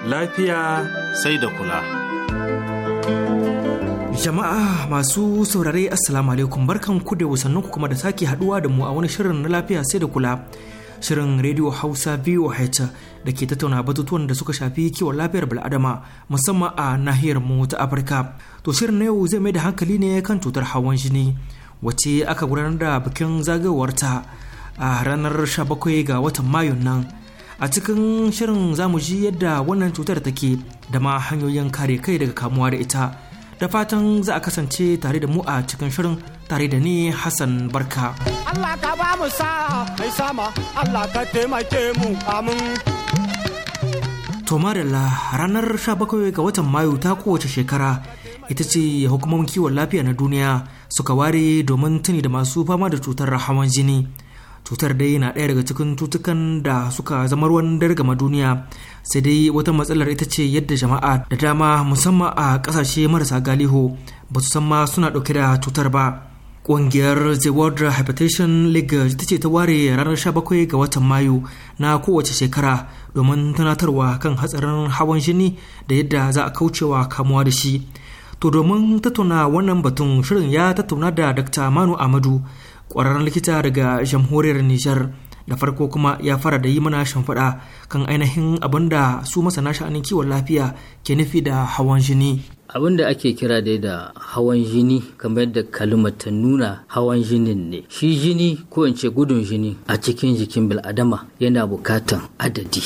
Lafiya sai da kula. Jama'a masu saurare Assalamu alaikum barkan ku da wasannin kuma da sake haduwa da mu a wani shirin na lafiya sai da kula. shirin rediyo hausa voh da ke tattauna batutuwan da suka shafi kiwon lafiyar bil'adama musamman a nahiyar mu ta afirka to shirin na yau zai mai da hankali ne kan cutar hawan jini wacce aka gudanar da bikin zagayowarta a ranar 17 ga watan mayu nan a cikin shirin zamu ji yadda wannan cutar take da ma hanyoyin kare kai daga kamuwa da ita da fatan za a kasance tare da mu a cikin shirin tare da ni Hassan Barka. Allah ka ba mu mai sama Allah ka taimake mu amin. To marilla ranar 17 ga watan Mayu ta kowace shekara ita ce hukumomin kiwon lafiya na duniya suka ware domin tuni da masu fama da cutar hawan jini. cutar dai na ɗaya daga cikin cutukan da suka zama ruwan dare gama duniya sai dai wata matsalar ita ce yadda jama'a da dama musamman a ƙasashe marasa galihu ba su san ma suna ɗauke da cutar ba ƙungiyar the world hypertension league ita ce ta ware ranar 17 ga watan mayu na kowace shekara domin tunatarwa kan hatsarin hawan jini da yadda za a kaucewa kamuwa da shi to domin tattauna wannan batun shirin ya tattauna da dr manu amadu ƙwararren likita daga jamhuriyar nijar da farko kuma ya fara da yi mana shimfiɗa kan ainihin abin da su masana sha'anin kiwon lafiya ke nufi da hawan jini abin da ake kira da da hawan jini kamar yadda kalmar ta nuna hawan jinin ne shi jini ko in ce gudun jini a cikin jikin bil'adama yana bukatan adadi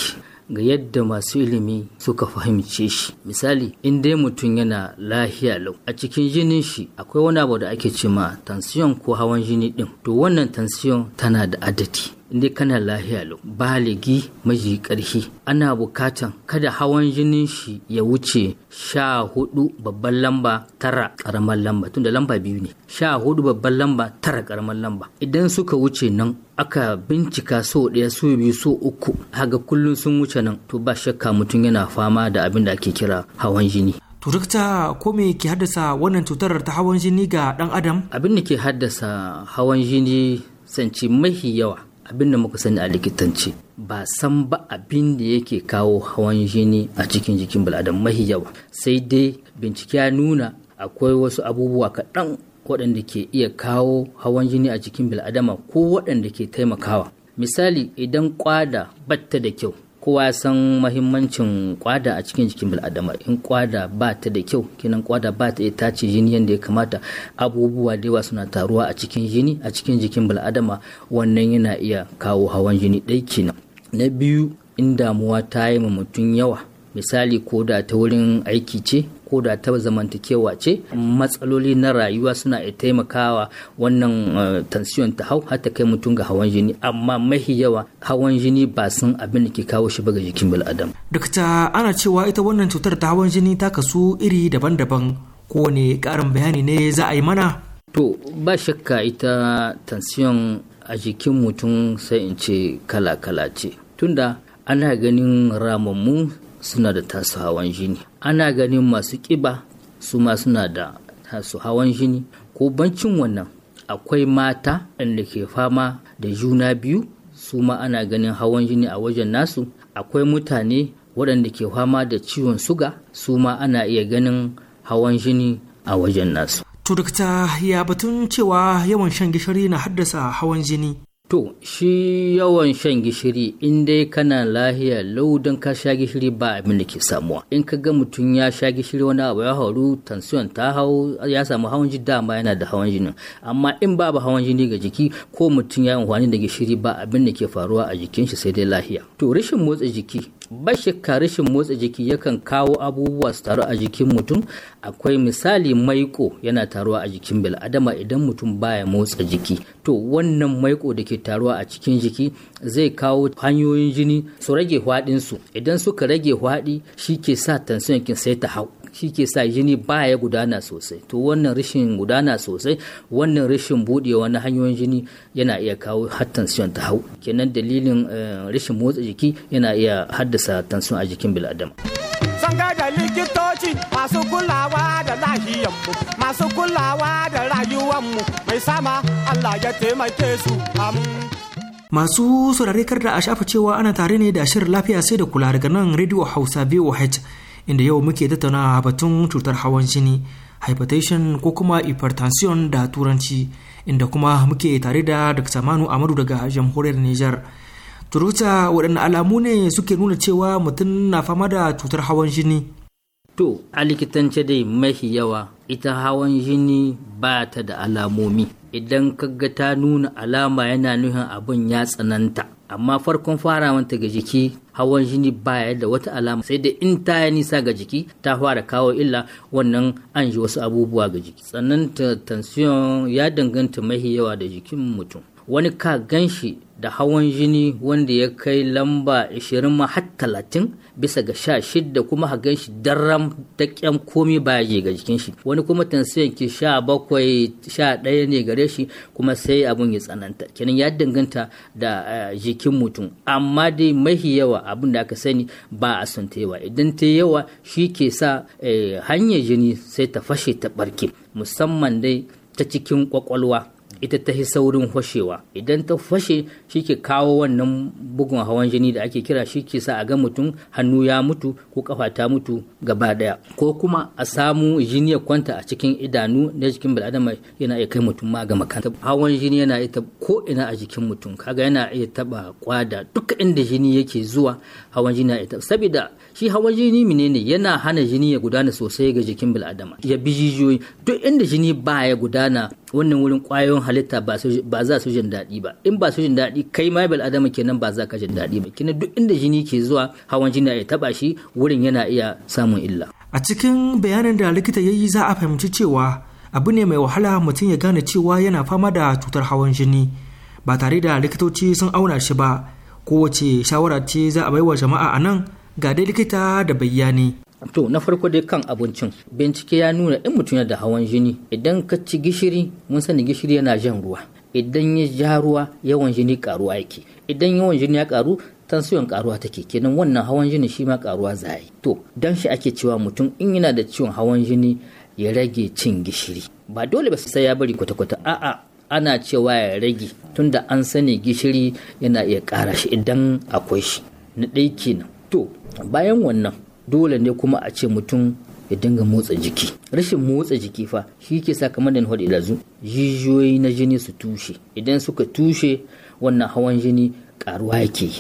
ga yadda masu ilimi suka fahimce shi misali in dai mutum yana lahiya lau a cikin jinin shi akwai wani abu da ake ce ma tansiyon ko hawan jini din to wannan tansiyon tana da adadi inda kana lahiya lau baligi maji ƙarfi ana bukatan kada hawan jinin shi ya wuce sha hudu babban lamba tara karamar lamba tunda lamba biyu ne sha hudu babban lamba tara karamar lamba idan suka wuce nan aka bincika so ɗaya so biyu so uku haga kullum sun wuce nan to ba shakka mutum yana fama da abin da ake kira hawan jini To dokta ko me ke haddasa wannan cutar ta hawan jini ga dan adam? Abin da ke haddasa hawan jini sanci mahi yawa abin da muka sani a likitanci ba san ba abin da yake kawo hawan jini a cikin jikin bal'adam mahi yawa sai dai bincike ya nuna akwai wasu abubuwa kaɗan waɗanda ke iya kawo hawan jini a jikin bil'adama ko waɗanda ke taimakawa misali idan kwada batta da kyau kowa san mahimmancin kwada a cikin jikin bil'adama in kwada ba ta da kyau kinan kwada ba ta tace jini yadda ya kamata abubuwa da yawa suna taruwa a cikin jini a cikin jikin bil'adama wannan yana iya kawo hawan jini ɗai kenan na biyu in damuwa ta yi mutum yawa misali ko da ta wurin aiki ce ko da ta zamantakewa ce matsaloli na rayuwa suna iya taimakawa wannan eh, tansiyon ta hau har ta kai mutum ga hawan jini amma mahi yawa hawan jini ba sun abin da ke kawo shi ba ga jikin bil'adam. Dokta ana cewa ita wannan cutar ta hawan jini ta kasu iri daban-daban kowane karin bayani ne za a yi mana? To ba shakka ita tansiyon a jikin mutum sai in ce kala-kala ce. Tunda ana ganin ramammu suna da tasu hawan jini ana ganin masu ƙiba su ma suna da tasu hawan jini ko bancin wannan akwai mata da ke fama da juna biyu su ma ana ganin hawan jini a wajen nasu akwai mutane waɗanda ke fama da ciwon suga su ma ana iya ganin hawan jini a wajen nasu. To ya batun cewa yawan shan gishiri na haddasa hawan jini. To, shi yawan shan gishiri in dai kana lahiya laudan ka sha gishiri ba abin da ke samuwa. In ka ga mutum ya sha gishiri wani abu ya hauru, tansiyon ta hau, ya samu hawan jini dama yana da hawan jini. Amma in babu hawan jini ga jiki ko mutum ya yi da gishiri ba abin da ke faruwa a jikin shi sai dai lahiya. To, rashin motsa jiki bashika rashin motsa jiki yakan kawo abubuwa su taru a jikin mutum akwai misali maiko yana taruwa a jikin bil'adama idan mutum baya motsa jiki to wannan maiko da ke taruwa a cikin jiki zai kawo hanyoyin jini su rage hwaɗinsu idan suka rage hwaɗi shi ke sa tansiyon sai ta hau shi ke sa jini baya gudana sosai to wannan rashin gudana sosai wannan rashin budewa na hanyoyin jini yana iya kawo har tension ta hau kenan dalilin eh, rashin motsa jiki yana iya haddasa tension a jikin bil'adama san likitoci masu kulawa da mu masu kulawa da mu mai sama Allah ya taimake su masu saurare kar da a shafa cewa ana tare ne da shirin lafiya sai da kula daga nan radio hausa voh inda yau muke tattauna batun cutar hawan jini hypertension ko kuma hypertension da turanci inda kuma muke tare da Dr. Manu Amadu daga jamhuriyar Nijar. Turuta waɗanne alamu ne suke nuna cewa mutum na fama da cutar hawan jini? To, a likitance dai mafi yawa ita hawan jini ba ta da alamomi. Idan kaga ta nuna alama yana nuhin abin ya tsananta. amma farkon farawanta ga jiki hawan jini baya da wata alama sai da in ta yi nisa ga jiki ta fara kawo illa wannan an ji wasu abubuwa ga jiki sannan tension ya danganta mahi yawa da jikin mutum wani ka ganshi da hawan jini wanda ya kai lamba 20 ma har 30 bisa ga 16 kuma ha ganshi daram da kyan komi baya je ga jikin shi wani kuma tansiyan ki 17 11 ne gare shi kuma sai abun ya tsananta kenan ya danganta da eh, jikin mutum amma dai mahi yawa abun da aka sani ba a son ta yawa idan ta yawa shi ke sa eh, hanyar jini sai ta fashe ta barke musamman dai ta cikin kwakwalwa ita ta hi saurin fashewa idan ta fashe shi ke kawo wannan bugun hawan jini da ake kira shi ke sa a ga mutum hannu ya mutu ko kafa ta mutu gaba daya ko kuma a samu jini ya kwanta a cikin idanu na jikin bil'adama yana iya kai mutum ma ga makanta hawan jini yana iya ko ina a jikin mutum kaga yana iya taba kwada duk inda jini yake zuwa hawan jini yana iya saboda shi hawan jini menene yana hana jini ya gudana sosai ga jikin bil'adama ya bi jijiyoyi duk inda jini baya gudana wannan wurin kwayoyin halitta ba za su jin daɗi ba in ba su jin daɗi kai ma bil adama kenan ba za ka jin daɗi ba kina duk inda jini ke zuwa hawan jini ya taɓa shi wurin yana iya samun illa a cikin bayanin da likita ya yi za a fahimci cewa abu ne mai wahala mutum ya gane cewa yana fama da cutar hawan jini ba tare da likitoci sun auna shi ba kowace shawara ce za a baiwa jama'a a nan ga dai likita da bayani To na farko dai kan abincin bincike ya nuna in mutum yana da hawan jini idan ka ci gishiri mun sani gishiri yana jan ruwa idan ya ja ruwa yawan jini karuwa yake idan yawan jini ya karu tansiyon karuwa take kenan wannan hawan jini shi ma karuwa zai to dan shi ake cewa mutum in yana da ciwon hawan jini ya rage cin gishiri ba dole ba sai ya bari kwata-kwata a'a ana cewa ya rage tunda an sani gishiri yana iya kara shi idan akwai shi na ɗaya kenan to bayan wannan dole ne kuma a ce mutum ya dinga motsa jiki rashin motsa jiki fa shi ke sa kamar da na jijiyoyi na jini su tushe idan suka tushe wannan hawan jini karuwa yake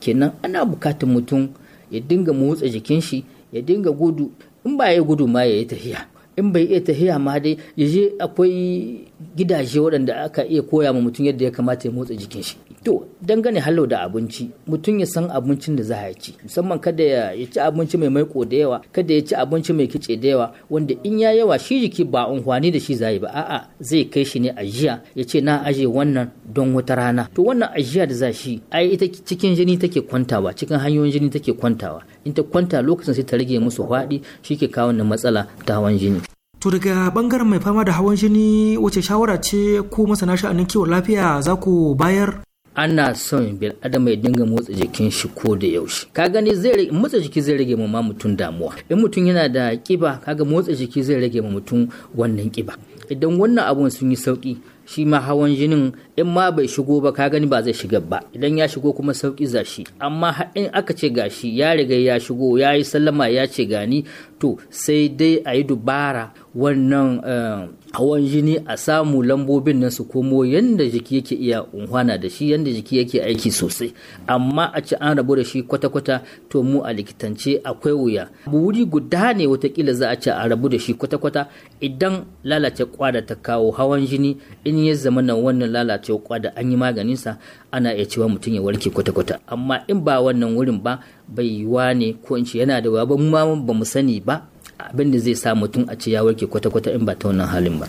kenan ana bukatar mutum ya dinga motsa jikin shi ya dinga gudu in ba ya gudu ma ya yi tafiya in bai iya tafiya ma dai yaje akwai gidaje waɗanda aka iya koya ma mutum yadda ya kamata ya motsa jikin shi To dangane hallo da abinci mutum ya san abincin da za a ci musamman kada ya ci abinci mai maiko da yawa kada ya ci abinci mai kice da yawa wanda in ya yawa shi jiki ba unhwani da shi zai ba a'a zai kai shi ne ajiya ya ce na aje wannan don wata rana to wannan ajiya da za shi ai ita cikin jini take kwantawa cikin hanyoyin jini take kwantawa in ta kwanta lokacin sai ta rage musu hwaɗi shi ke kawo matsala ta hawan jini. To daga bangaren mai fama da hawan jini wace shawara ce ko masana sha'anin kiwon lafiya za ku bayar? ana son bil adama ya dinga motsa jikin shi ko da yaushe ka gani zai motsa jiki zai rage ma mutum damuwa in mutum yana da kiba kaga motsa jiki zai rage ma mutum wannan kiba idan wannan abun sun yi sauki shi ma hawan jinin in ma bai shigo ba ka gani ba zai shiga ba idan ya shigo kuma sauki shi amma in aka ce gashi ya riga ya shigo ya yi sallama ya ce gani to sai dai a yi dubara wannan eh, hawan jini a samu lambobin nan su komo yadda jiki yake iya unhwana da shi yadda jiki yake aiki sosai amma a ce an rabu da shi kwata-kwata to mu a likitance akwai wuya wuri guda ne watakila za a ce a rabu da shi kwata-kwata idan lalace kwada ta kawo hawan jini in ya zama nan wannan lalata cewa da an yi maganinsa ana iya cewa mutum ya warke kwata-kwata amma in ba wannan wurin ba bai yiwa ne ko in ce yana da wa ba mu ba mu sani ba abin da zai sa mutum a ce ya warke kwata-kwata in ba ta wannan halin ba.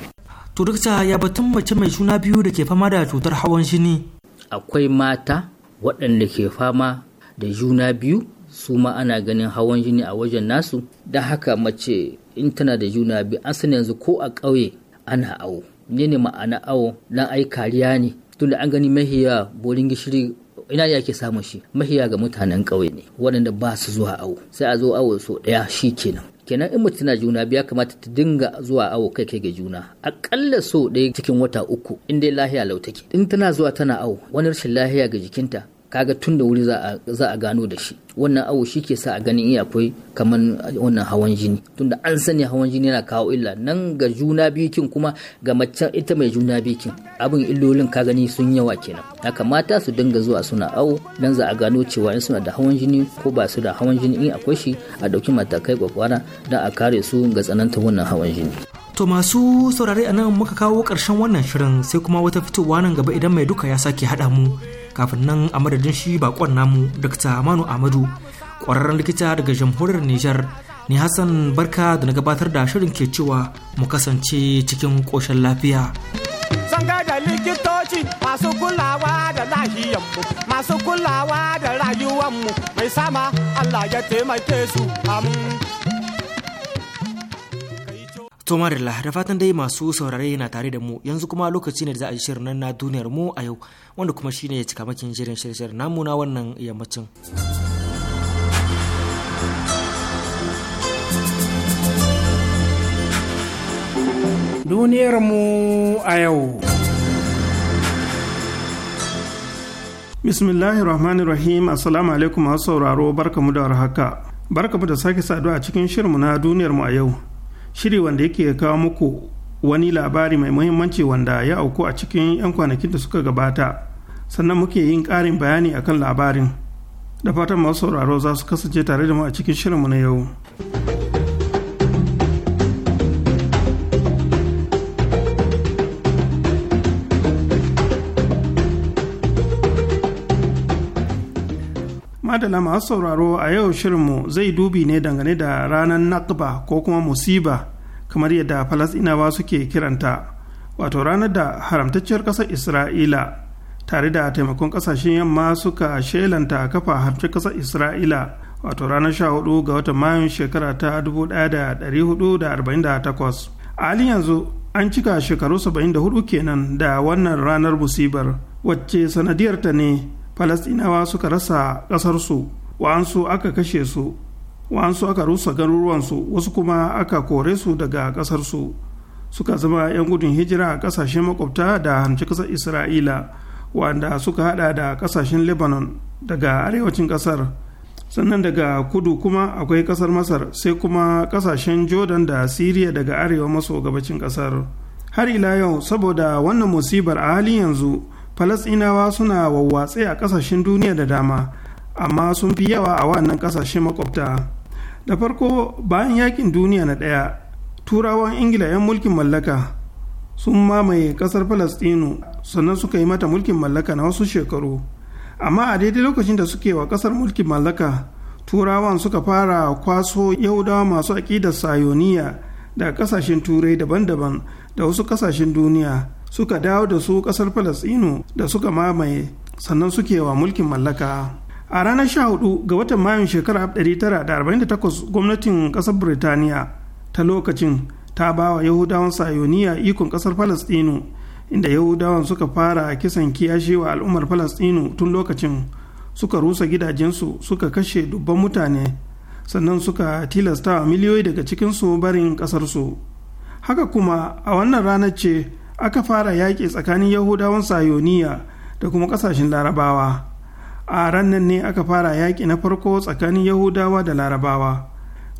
To dukta ya batun mace mai juna biyu da ke fama da cutar hawan jini. Akwai mata waɗanda ke fama da juna biyu su ma ana ganin hawan jini a wajen nasu da haka mace in tana da juna biyu an yanzu ko a ƙauye ana awo menene ma'ana awo dan ai kariya ne tunda an gani mahiya borin gishiri ina ne ake samun shi mahiya ga mutanen ƙauye ne waɗanda ba su zuwa awo sai a zo awo so ɗaya shi kenan kenan in mutum na juna biya kamata ta dinga zuwa awo kai kai ga juna akalla so ɗaya cikin wata uku in dai lahiya lau take in tana zuwa tana awo wani rashin lahiya ga jikinta kaga tun da wuri za a gano da shi wannan awo shi ke sa a ganin iya akwai kamar wannan hawan jini tunda an sani hawan jini yana kawo illa nan ga juna bikin kuma ga macen ita mai juna bikin abin illolin ka gani sun yawa kenan haka mata su dinga zuwa suna awo dan za a gano cewa in suna da hawan jini ko ba su da hawan jini in akwai shi a dauki matakai kwakwara dan a kare su ga tsananta wannan hawan jini To masu saurare a nan muka kawo ƙarshen wannan shirin sai kuma wata fitowa nan gaba idan mai duka ya sake haɗa mu kafin nan a madadin shi bakon namu dr manu amadu kwararren likita daga jamhuriyar nijar ni hassan barka da na gabatar da shirin ke cewa mu kasance cikin koshin lafiya zan da likitoci masu kulawa da lahiyanmu masu kulawa da rayuwanmu mai sama allah ya taimake su amin To Marilla, da fatan dai masu saurare na tare da mu yanzu kuma lokaci ne da za a yi shirin nan na duniyar mu a yau wanda kuma shine ya cika makin jirin shirin namu na wannan yammacin. Duniyar mu a yau. Bismillahir Rahmanir Rahim Assalamu alaikum masu sauraro barkamu da warhaka. Barkamu da sake saduwa a cikin shirinmu na duniyar mu a yau. shiri wanda yake kawo muku wani labari mai muhimmanci wanda ya auku a cikin 'yan kwanakin da suka gabata sannan muke yin ƙarin bayani akan labarin da fatan masu sauraro za su kasance tare da mu a cikin shirinmu na yau. madala masu sauraro a yau shirinmu zai dubi ne dangane da ranar nakba ko kuma musiba kamar yadda falasinawa suke kiranta wato ranar da haramtacciyar ƙasar isra'ila tare da taimakon ƙasashen yamma suka shelanta kafa haramtacciyar ƙasar isra'ila wato ranar 14 ga watan mayun shekara ta 1448 a halin yanzu an cika shekaru 74 kenan da wannan ranar musibar wacce sanadiyarta ne falastinawa suka rasa ƙasarsu wa'ansu aka kashe su wa'ansu aka rusa garuruwansu wasu kuma aka kore su daga ƙasarsu suka zama 'yan gudun hijira a ƙasashen makwabta da hanci ƙasar isra'ila wanda suka haɗa da ƙasashen lebanon daga arewacin ƙasar sannan daga kudu kuma akwai ƙasar masar sai kuma ƙasashen jordan da siriya daga arewa maso gabacin ƙasar har ila yau saboda wannan musibar a halin yanzu falasinawa suna wawwatse a ƙasashen duniya da dama amma sun fi yawa a wannan ƙasashe makwabta da farko bayan yakin duniya na ɗaya turawan ingila 'yan mulkin mallaka sun mamaye ƙasar falastinu sannan suka yi mata mulkin mallaka na wasu shekaru amma a daidai lokacin da suke wa ƙasar mulkin mallaka turawan suka fara kwaso yahudawa masu aƙidar sayoniya daga ƙasashen turai daban-daban da wasu ƙasashen duniya suka dawo da su kasar falasɗinu da suka mamaye sannan suke wa mulkin mallaka a ranar 14 ga watan mayun shekarar 1948 gwamnatin kasar birtaniya ta lokacin ta ba wa yahudawan sayoniya ikon kasar falasɗinu inda yahudawan suka fara kisan kiyashi wa al'ummar falasɗinu tun lokacin suka rusa gidajensu suka kashe dubban mutane sannan suka tilasta miliyoyi daga cikinsu barin ƙasarsu haka kuma a wannan ranar ce aka fara yaƙi tsakanin yahudawan sayoniya da kuma ƙasashen larabawa a nan ne aka fara yaƙi na farko tsakanin yahudawa da larabawa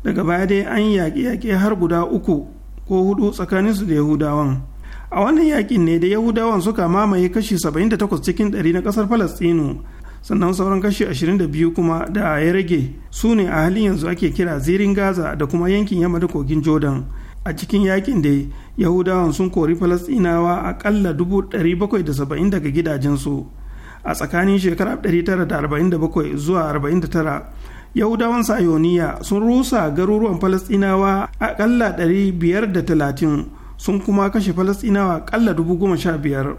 daga baya dai an yaƙe-yaƙe har guda uku ko hudu tsakaninsu da yahudawan a wannan yaƙin ne da yahudawan suka mamaye kashi 78 cikin 100 na ƙasar falastinu sannan sauran kashi 22 kuma da ya rage su ne a halin yanzu ake kira zirin gaza da kuma yankin yamma da kogin jordan a cikin yakin da yahudawan sun kori falasɗinawa aƙalla 770 daga gidajensu a tsakanin shekarar 1947 zuwa 49 yahudawan sayoniya sun rusa garuruwan falasɗinawa aƙalla 530 sun kuma kashe falasɗinawa aƙalla 15,000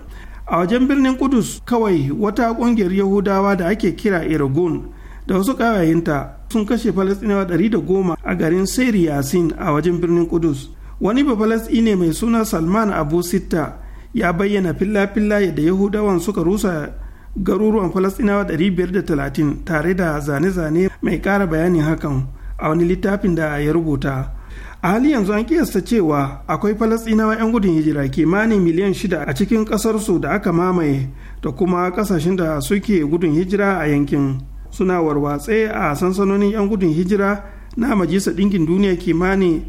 a wajen birnin kudus kawai wata ƙungiyar yahudawa da ake kira Irgun da wasu ƙawayenta sun kashe falastinawa 110 a garin sair yasin a wajen birnin kudus wani bafalastine mai suna salman abu sitta ya bayyana filla-filla yadda yahudawan suka rusa garuruwan falastinawa 530 tare da zane-zane mai ƙara bayanin hakan a wani littafin da ya rubuta a hali yanzu an kiyasta cewa akwai falastinawa 'yan gudun hijira kimanin miliyan shida a cikin ƙasarsu da aka mamaye da kuma ƙasashen da suke gudun hijira a yankin suna warwatse a sansanonin 'yan gudun hijira na majisa ɗinkin duniya kimanin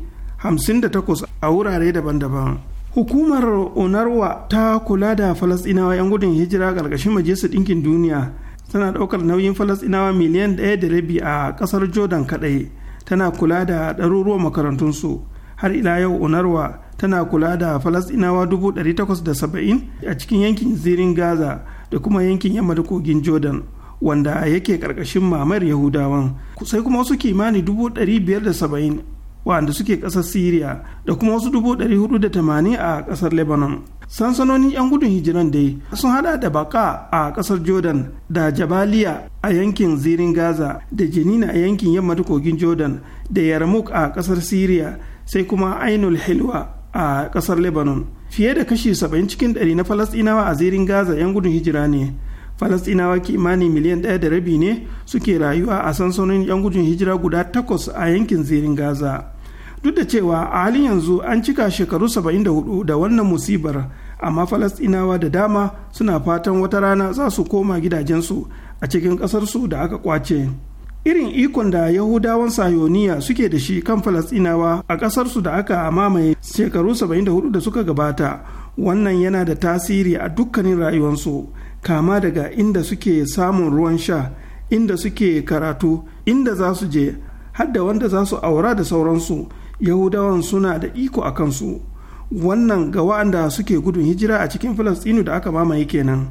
58 a wurare daban-daban hukumar onarwa ta kula da falasɗinawa 'yan gudun hijira ƙarƙashin majisa ɗinkin duniya tana ɗaukar nauyin falasɗinawa miliyan ɗaya da rabi a ƙasar jordan kaɗai tana kula da ɗaruruwan makarantunsu har ila yau onarwa tana kula da falasɗinawa 870 a cikin yankin zirin gaza da kuma yankin yamma da kogin jordan wanda yake karkashin mamayar yahudawan sai kuma wasu kimani 570 wanda suke kasar syria da kuma wasu 480 a kasar lebanon sansanonin 'yan gudun hijiran dai sun hada da baka a kasar jordan da jabaliya a yankin zirin gaza da janina a yankin yamma da kogin jordan da yarmuk a kasar syria sai kuma ainul hilwa a kasar lebanon fiye da kashi 70 cikin 100 na falasɗinawa a zirin gaza 'yan gudun hijira ne falastinawa kimanin miliyan ɗaya da rabi ne suke rayuwa a sansanin yan gudun hijira guda takwas a yankin zirin gaza duk da cewa a halin yanzu an cika shekaru 74 da wannan musibar amma falastinawa da dama suna fatan wata rana za su koma gidajensu a cikin ƙasarsu da aka kwace irin ikon da yahudawan sayoniya suke da shi kan falastinawa a ƙasarsu da aka mamaye shekaru 74 da suka gabata wannan yana da tasiri a dukkanin rayuwarsu kama daga inda suke samun ruwan sha inda suke karatu inda za su je hadda wanda za su aura da sauransu yahudawan suna da iko a kansu wannan ga wa'anda suke gudun hijira a cikin filistinu da aka mamaye kenan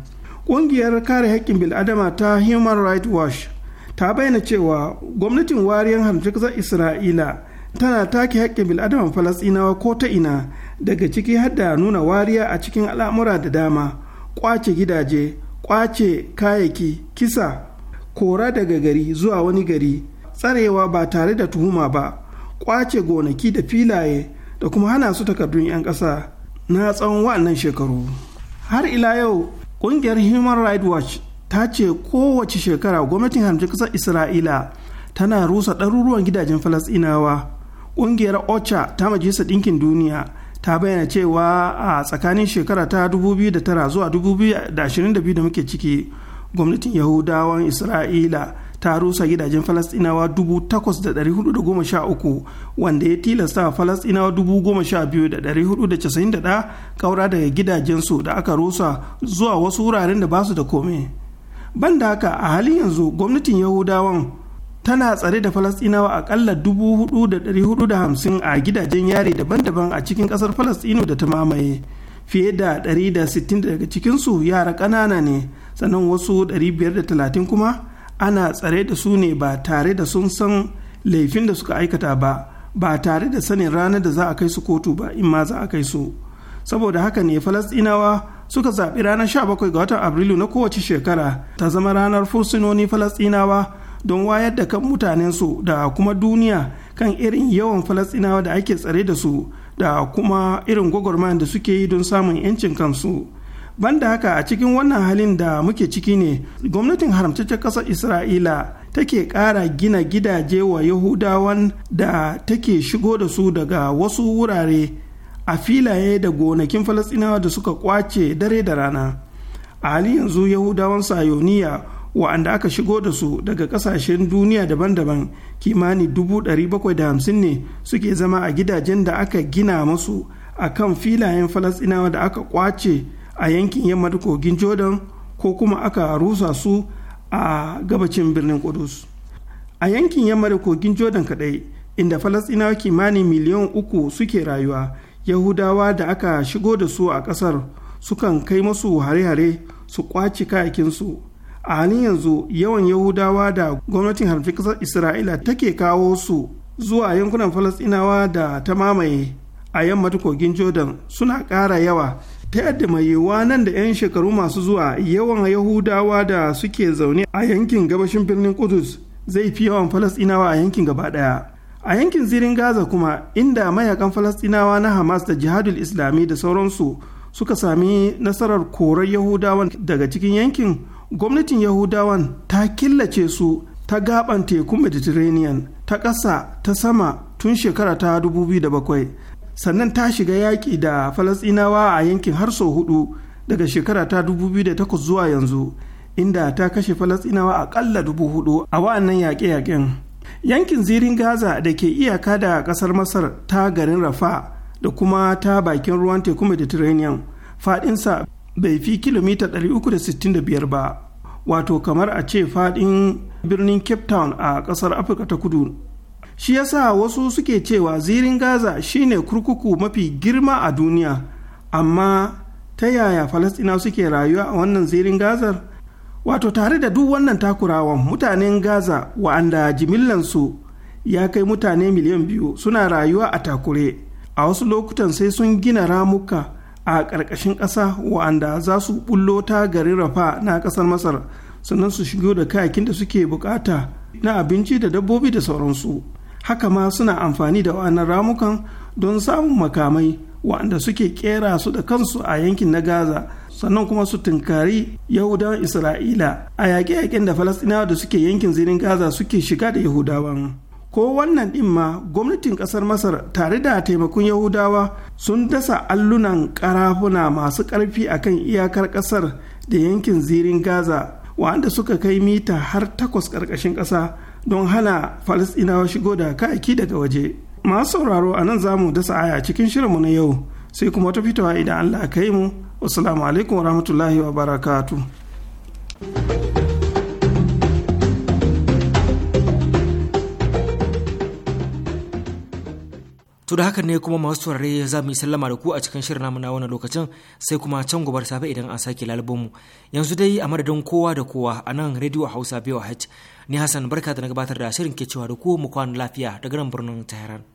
ƙungiyar kare haƙƙin bil'adama ta human rights watch ta bayyana cewa gwamnatin wariyar hamshiksar isra'ila tana take haƙƙin bil'adaman Falastinawa ko ta ina daga ciki hadda nuna wariya a cikin al'amura da dama kwace gidaje kwace kayayyaki kisa kora daga gari zuwa wani gari tsarewa ba tare da tuhuma ba kwace gonaki da filaye da kuma hana su takardun 'yan ƙasa na tsawon wannan shekaru har ila yau ƙungiyar human rights watch ta ce kowace shekara gwamnatin hamshin ƙasar isra'ila tana rusa ɗaruruwan gidajen falasɗinawa ƙungiyar ocha ta majalisar ɗinkin duniya ta bayyana cewa a tsakanin shekara ta 2009 zuwa 2022 da muke ciki gwamnatin yahudawan isra'ila ta rusa gidajen falastinawa 8,413 wanda ya tilasta falastinawa 12,491 kaura daga gidajensu da aka rusa zuwa wasu wuraren da basu da kome banda haka a halin yanzu gwamnatin yahudawan tana tsare da falastinawa akalla 4,450 a gidajen yari daban-daban a cikin ƙasar falastinu da ta mamaye fiye da 160 daga cikinsu yara ƙanana ne sannan wasu 530 kuma ana tsare da su ne ba tare da sun san laifin da suka aikata ba ba tare da sanin ranar da za a kai su kotu ba in ma za a kai su saboda haka ne falastinawa suka zaɓi ranar 17 ga watan afrilu na kowace shekara ta zama ranar fursunoni falastinawa don wayar da kan mutanensu da kuma duniya kan irin yawan falasɗinawa da ake tsare da su da kuma irin gwagwarmayar da suke yi don samun 'yancin kansu banda haka a cikin wannan halin da muke ciki ne gwamnatin haramtaccen ƙasar isra'ila take ƙara gina gidaje wa yahudawan da take shigo da su daga wasu wurare a filaye da gonakin falasɗinawa da suka kwace dare da rana a halin yanzu yahudawan sayoniya waɗanda aka shigo da su daga kasashen duniya daban-daban kimani 750 ne suke zama a gidajen da aka gina masu a kan filayen falasɗinawa da aka kwace a yankin yamma da kogin jordan ko kuma aka rusa su a gabacin birnin kudus a yankin yamma da kogin jordan kadai inda falasɗinawa kimanin miliyan uku suke rayuwa yahudawa da aka shigo da su a ƙasar sukan kai masu hare-hare su kwace kayakinsu a halin yanzu yawan yahudawa da gwamnatin harfi ƙasar isra'ila take kawo su zuwa yankunan Falasinawa da ta mamaye a yamma kogin jordan suna ƙara yawa ta yadda mai yiwuwa nan da 'yan shekaru masu zuwa yawan yahudawa da suke zaune a yankin gabashin birnin kudus zai fi yawan Falasinawa a yankin gaba daya a yankin zirin gaza kuma inda mayakan Falasinawa na hamas da jihadul islami da sauransu suka sami nasarar korar yahudawan daga cikin yankin gwamnatin yahudawan ta killace su ta gaban tekun mediterranean ta ƙasa ta sama tun shekara ta 2007 sannan ta shiga yaƙi da falasɗinawa a yankin har sau hudu daga shekara ta 2008 zuwa yanzu inda ta kashe falasɗinawa aƙalla dubu hudu a wa'annan yaƙe-yaƙen yankin zirin gaza da ke iyaka da ƙasar masar ta garin rafa da kuma ta bakin ruwan teku mediterranean faɗinsa bai fi kilomita 365 ba wato kamar a ce faɗin birnin cape town a ƙasar afirka ta kudu shi yasa wasu suke cewa zirin gaza shine kurkuku mafi girma a duniya amma ta yaya falastina suke rayuwa a wannan zirin gazar wato tare da duk wannan takurawan mutanen gaza wa'anda jimillansu ya kai mutane miliyan biyu suna rayuwa a takure a wasu lokutan sai sun gina ramuka a ƙarƙashin ƙasa wa'anda za su bullo ta garin rafa na ƙasar masar sannan su shigo da kayakin da suke bukata na abinci da dabbobi da sauransu haka ma suna amfani da wa'annan ramukan don samun makamai wa'anda suke kera su da kansu a yankin na gaza sannan kuma su tunkari yahudawan isra'ila a yaƙe-yaƙen da Falastinawa da suke yankin zirin gaza suke shiga da yahudawan ko wannan ɗin ma gwamnatin ƙasar masar tare da taimakon yahudawa sun dasa allunan ƙarafuna masu ƙarfi akan iyakar ƙasar da yankin zirin gaza wanda suka kai mita har takwas ƙarƙashin ƙasa don hana falasɗinawa shigo da kayaki daga waje masu sauraro a nan zamu dasa aya cikin shirinmu na yau sai kuma ta fitowa idan allah kai mu wasu alaikum wa rahmatullahi wa barakatu. To da haka ne kuma masu turare za mu yi sallama da ku a cikin shirin namu na wannan lokacin sai kuma can gobar safe idan an sake lalubin mu. Yanzu dai a madadin kowa da kowa a nan Radio Hausa BOH ni Hassan barka da na gabatar da shirin ke cewa da ku mu kwana lafiya daga nan birnin Tehran.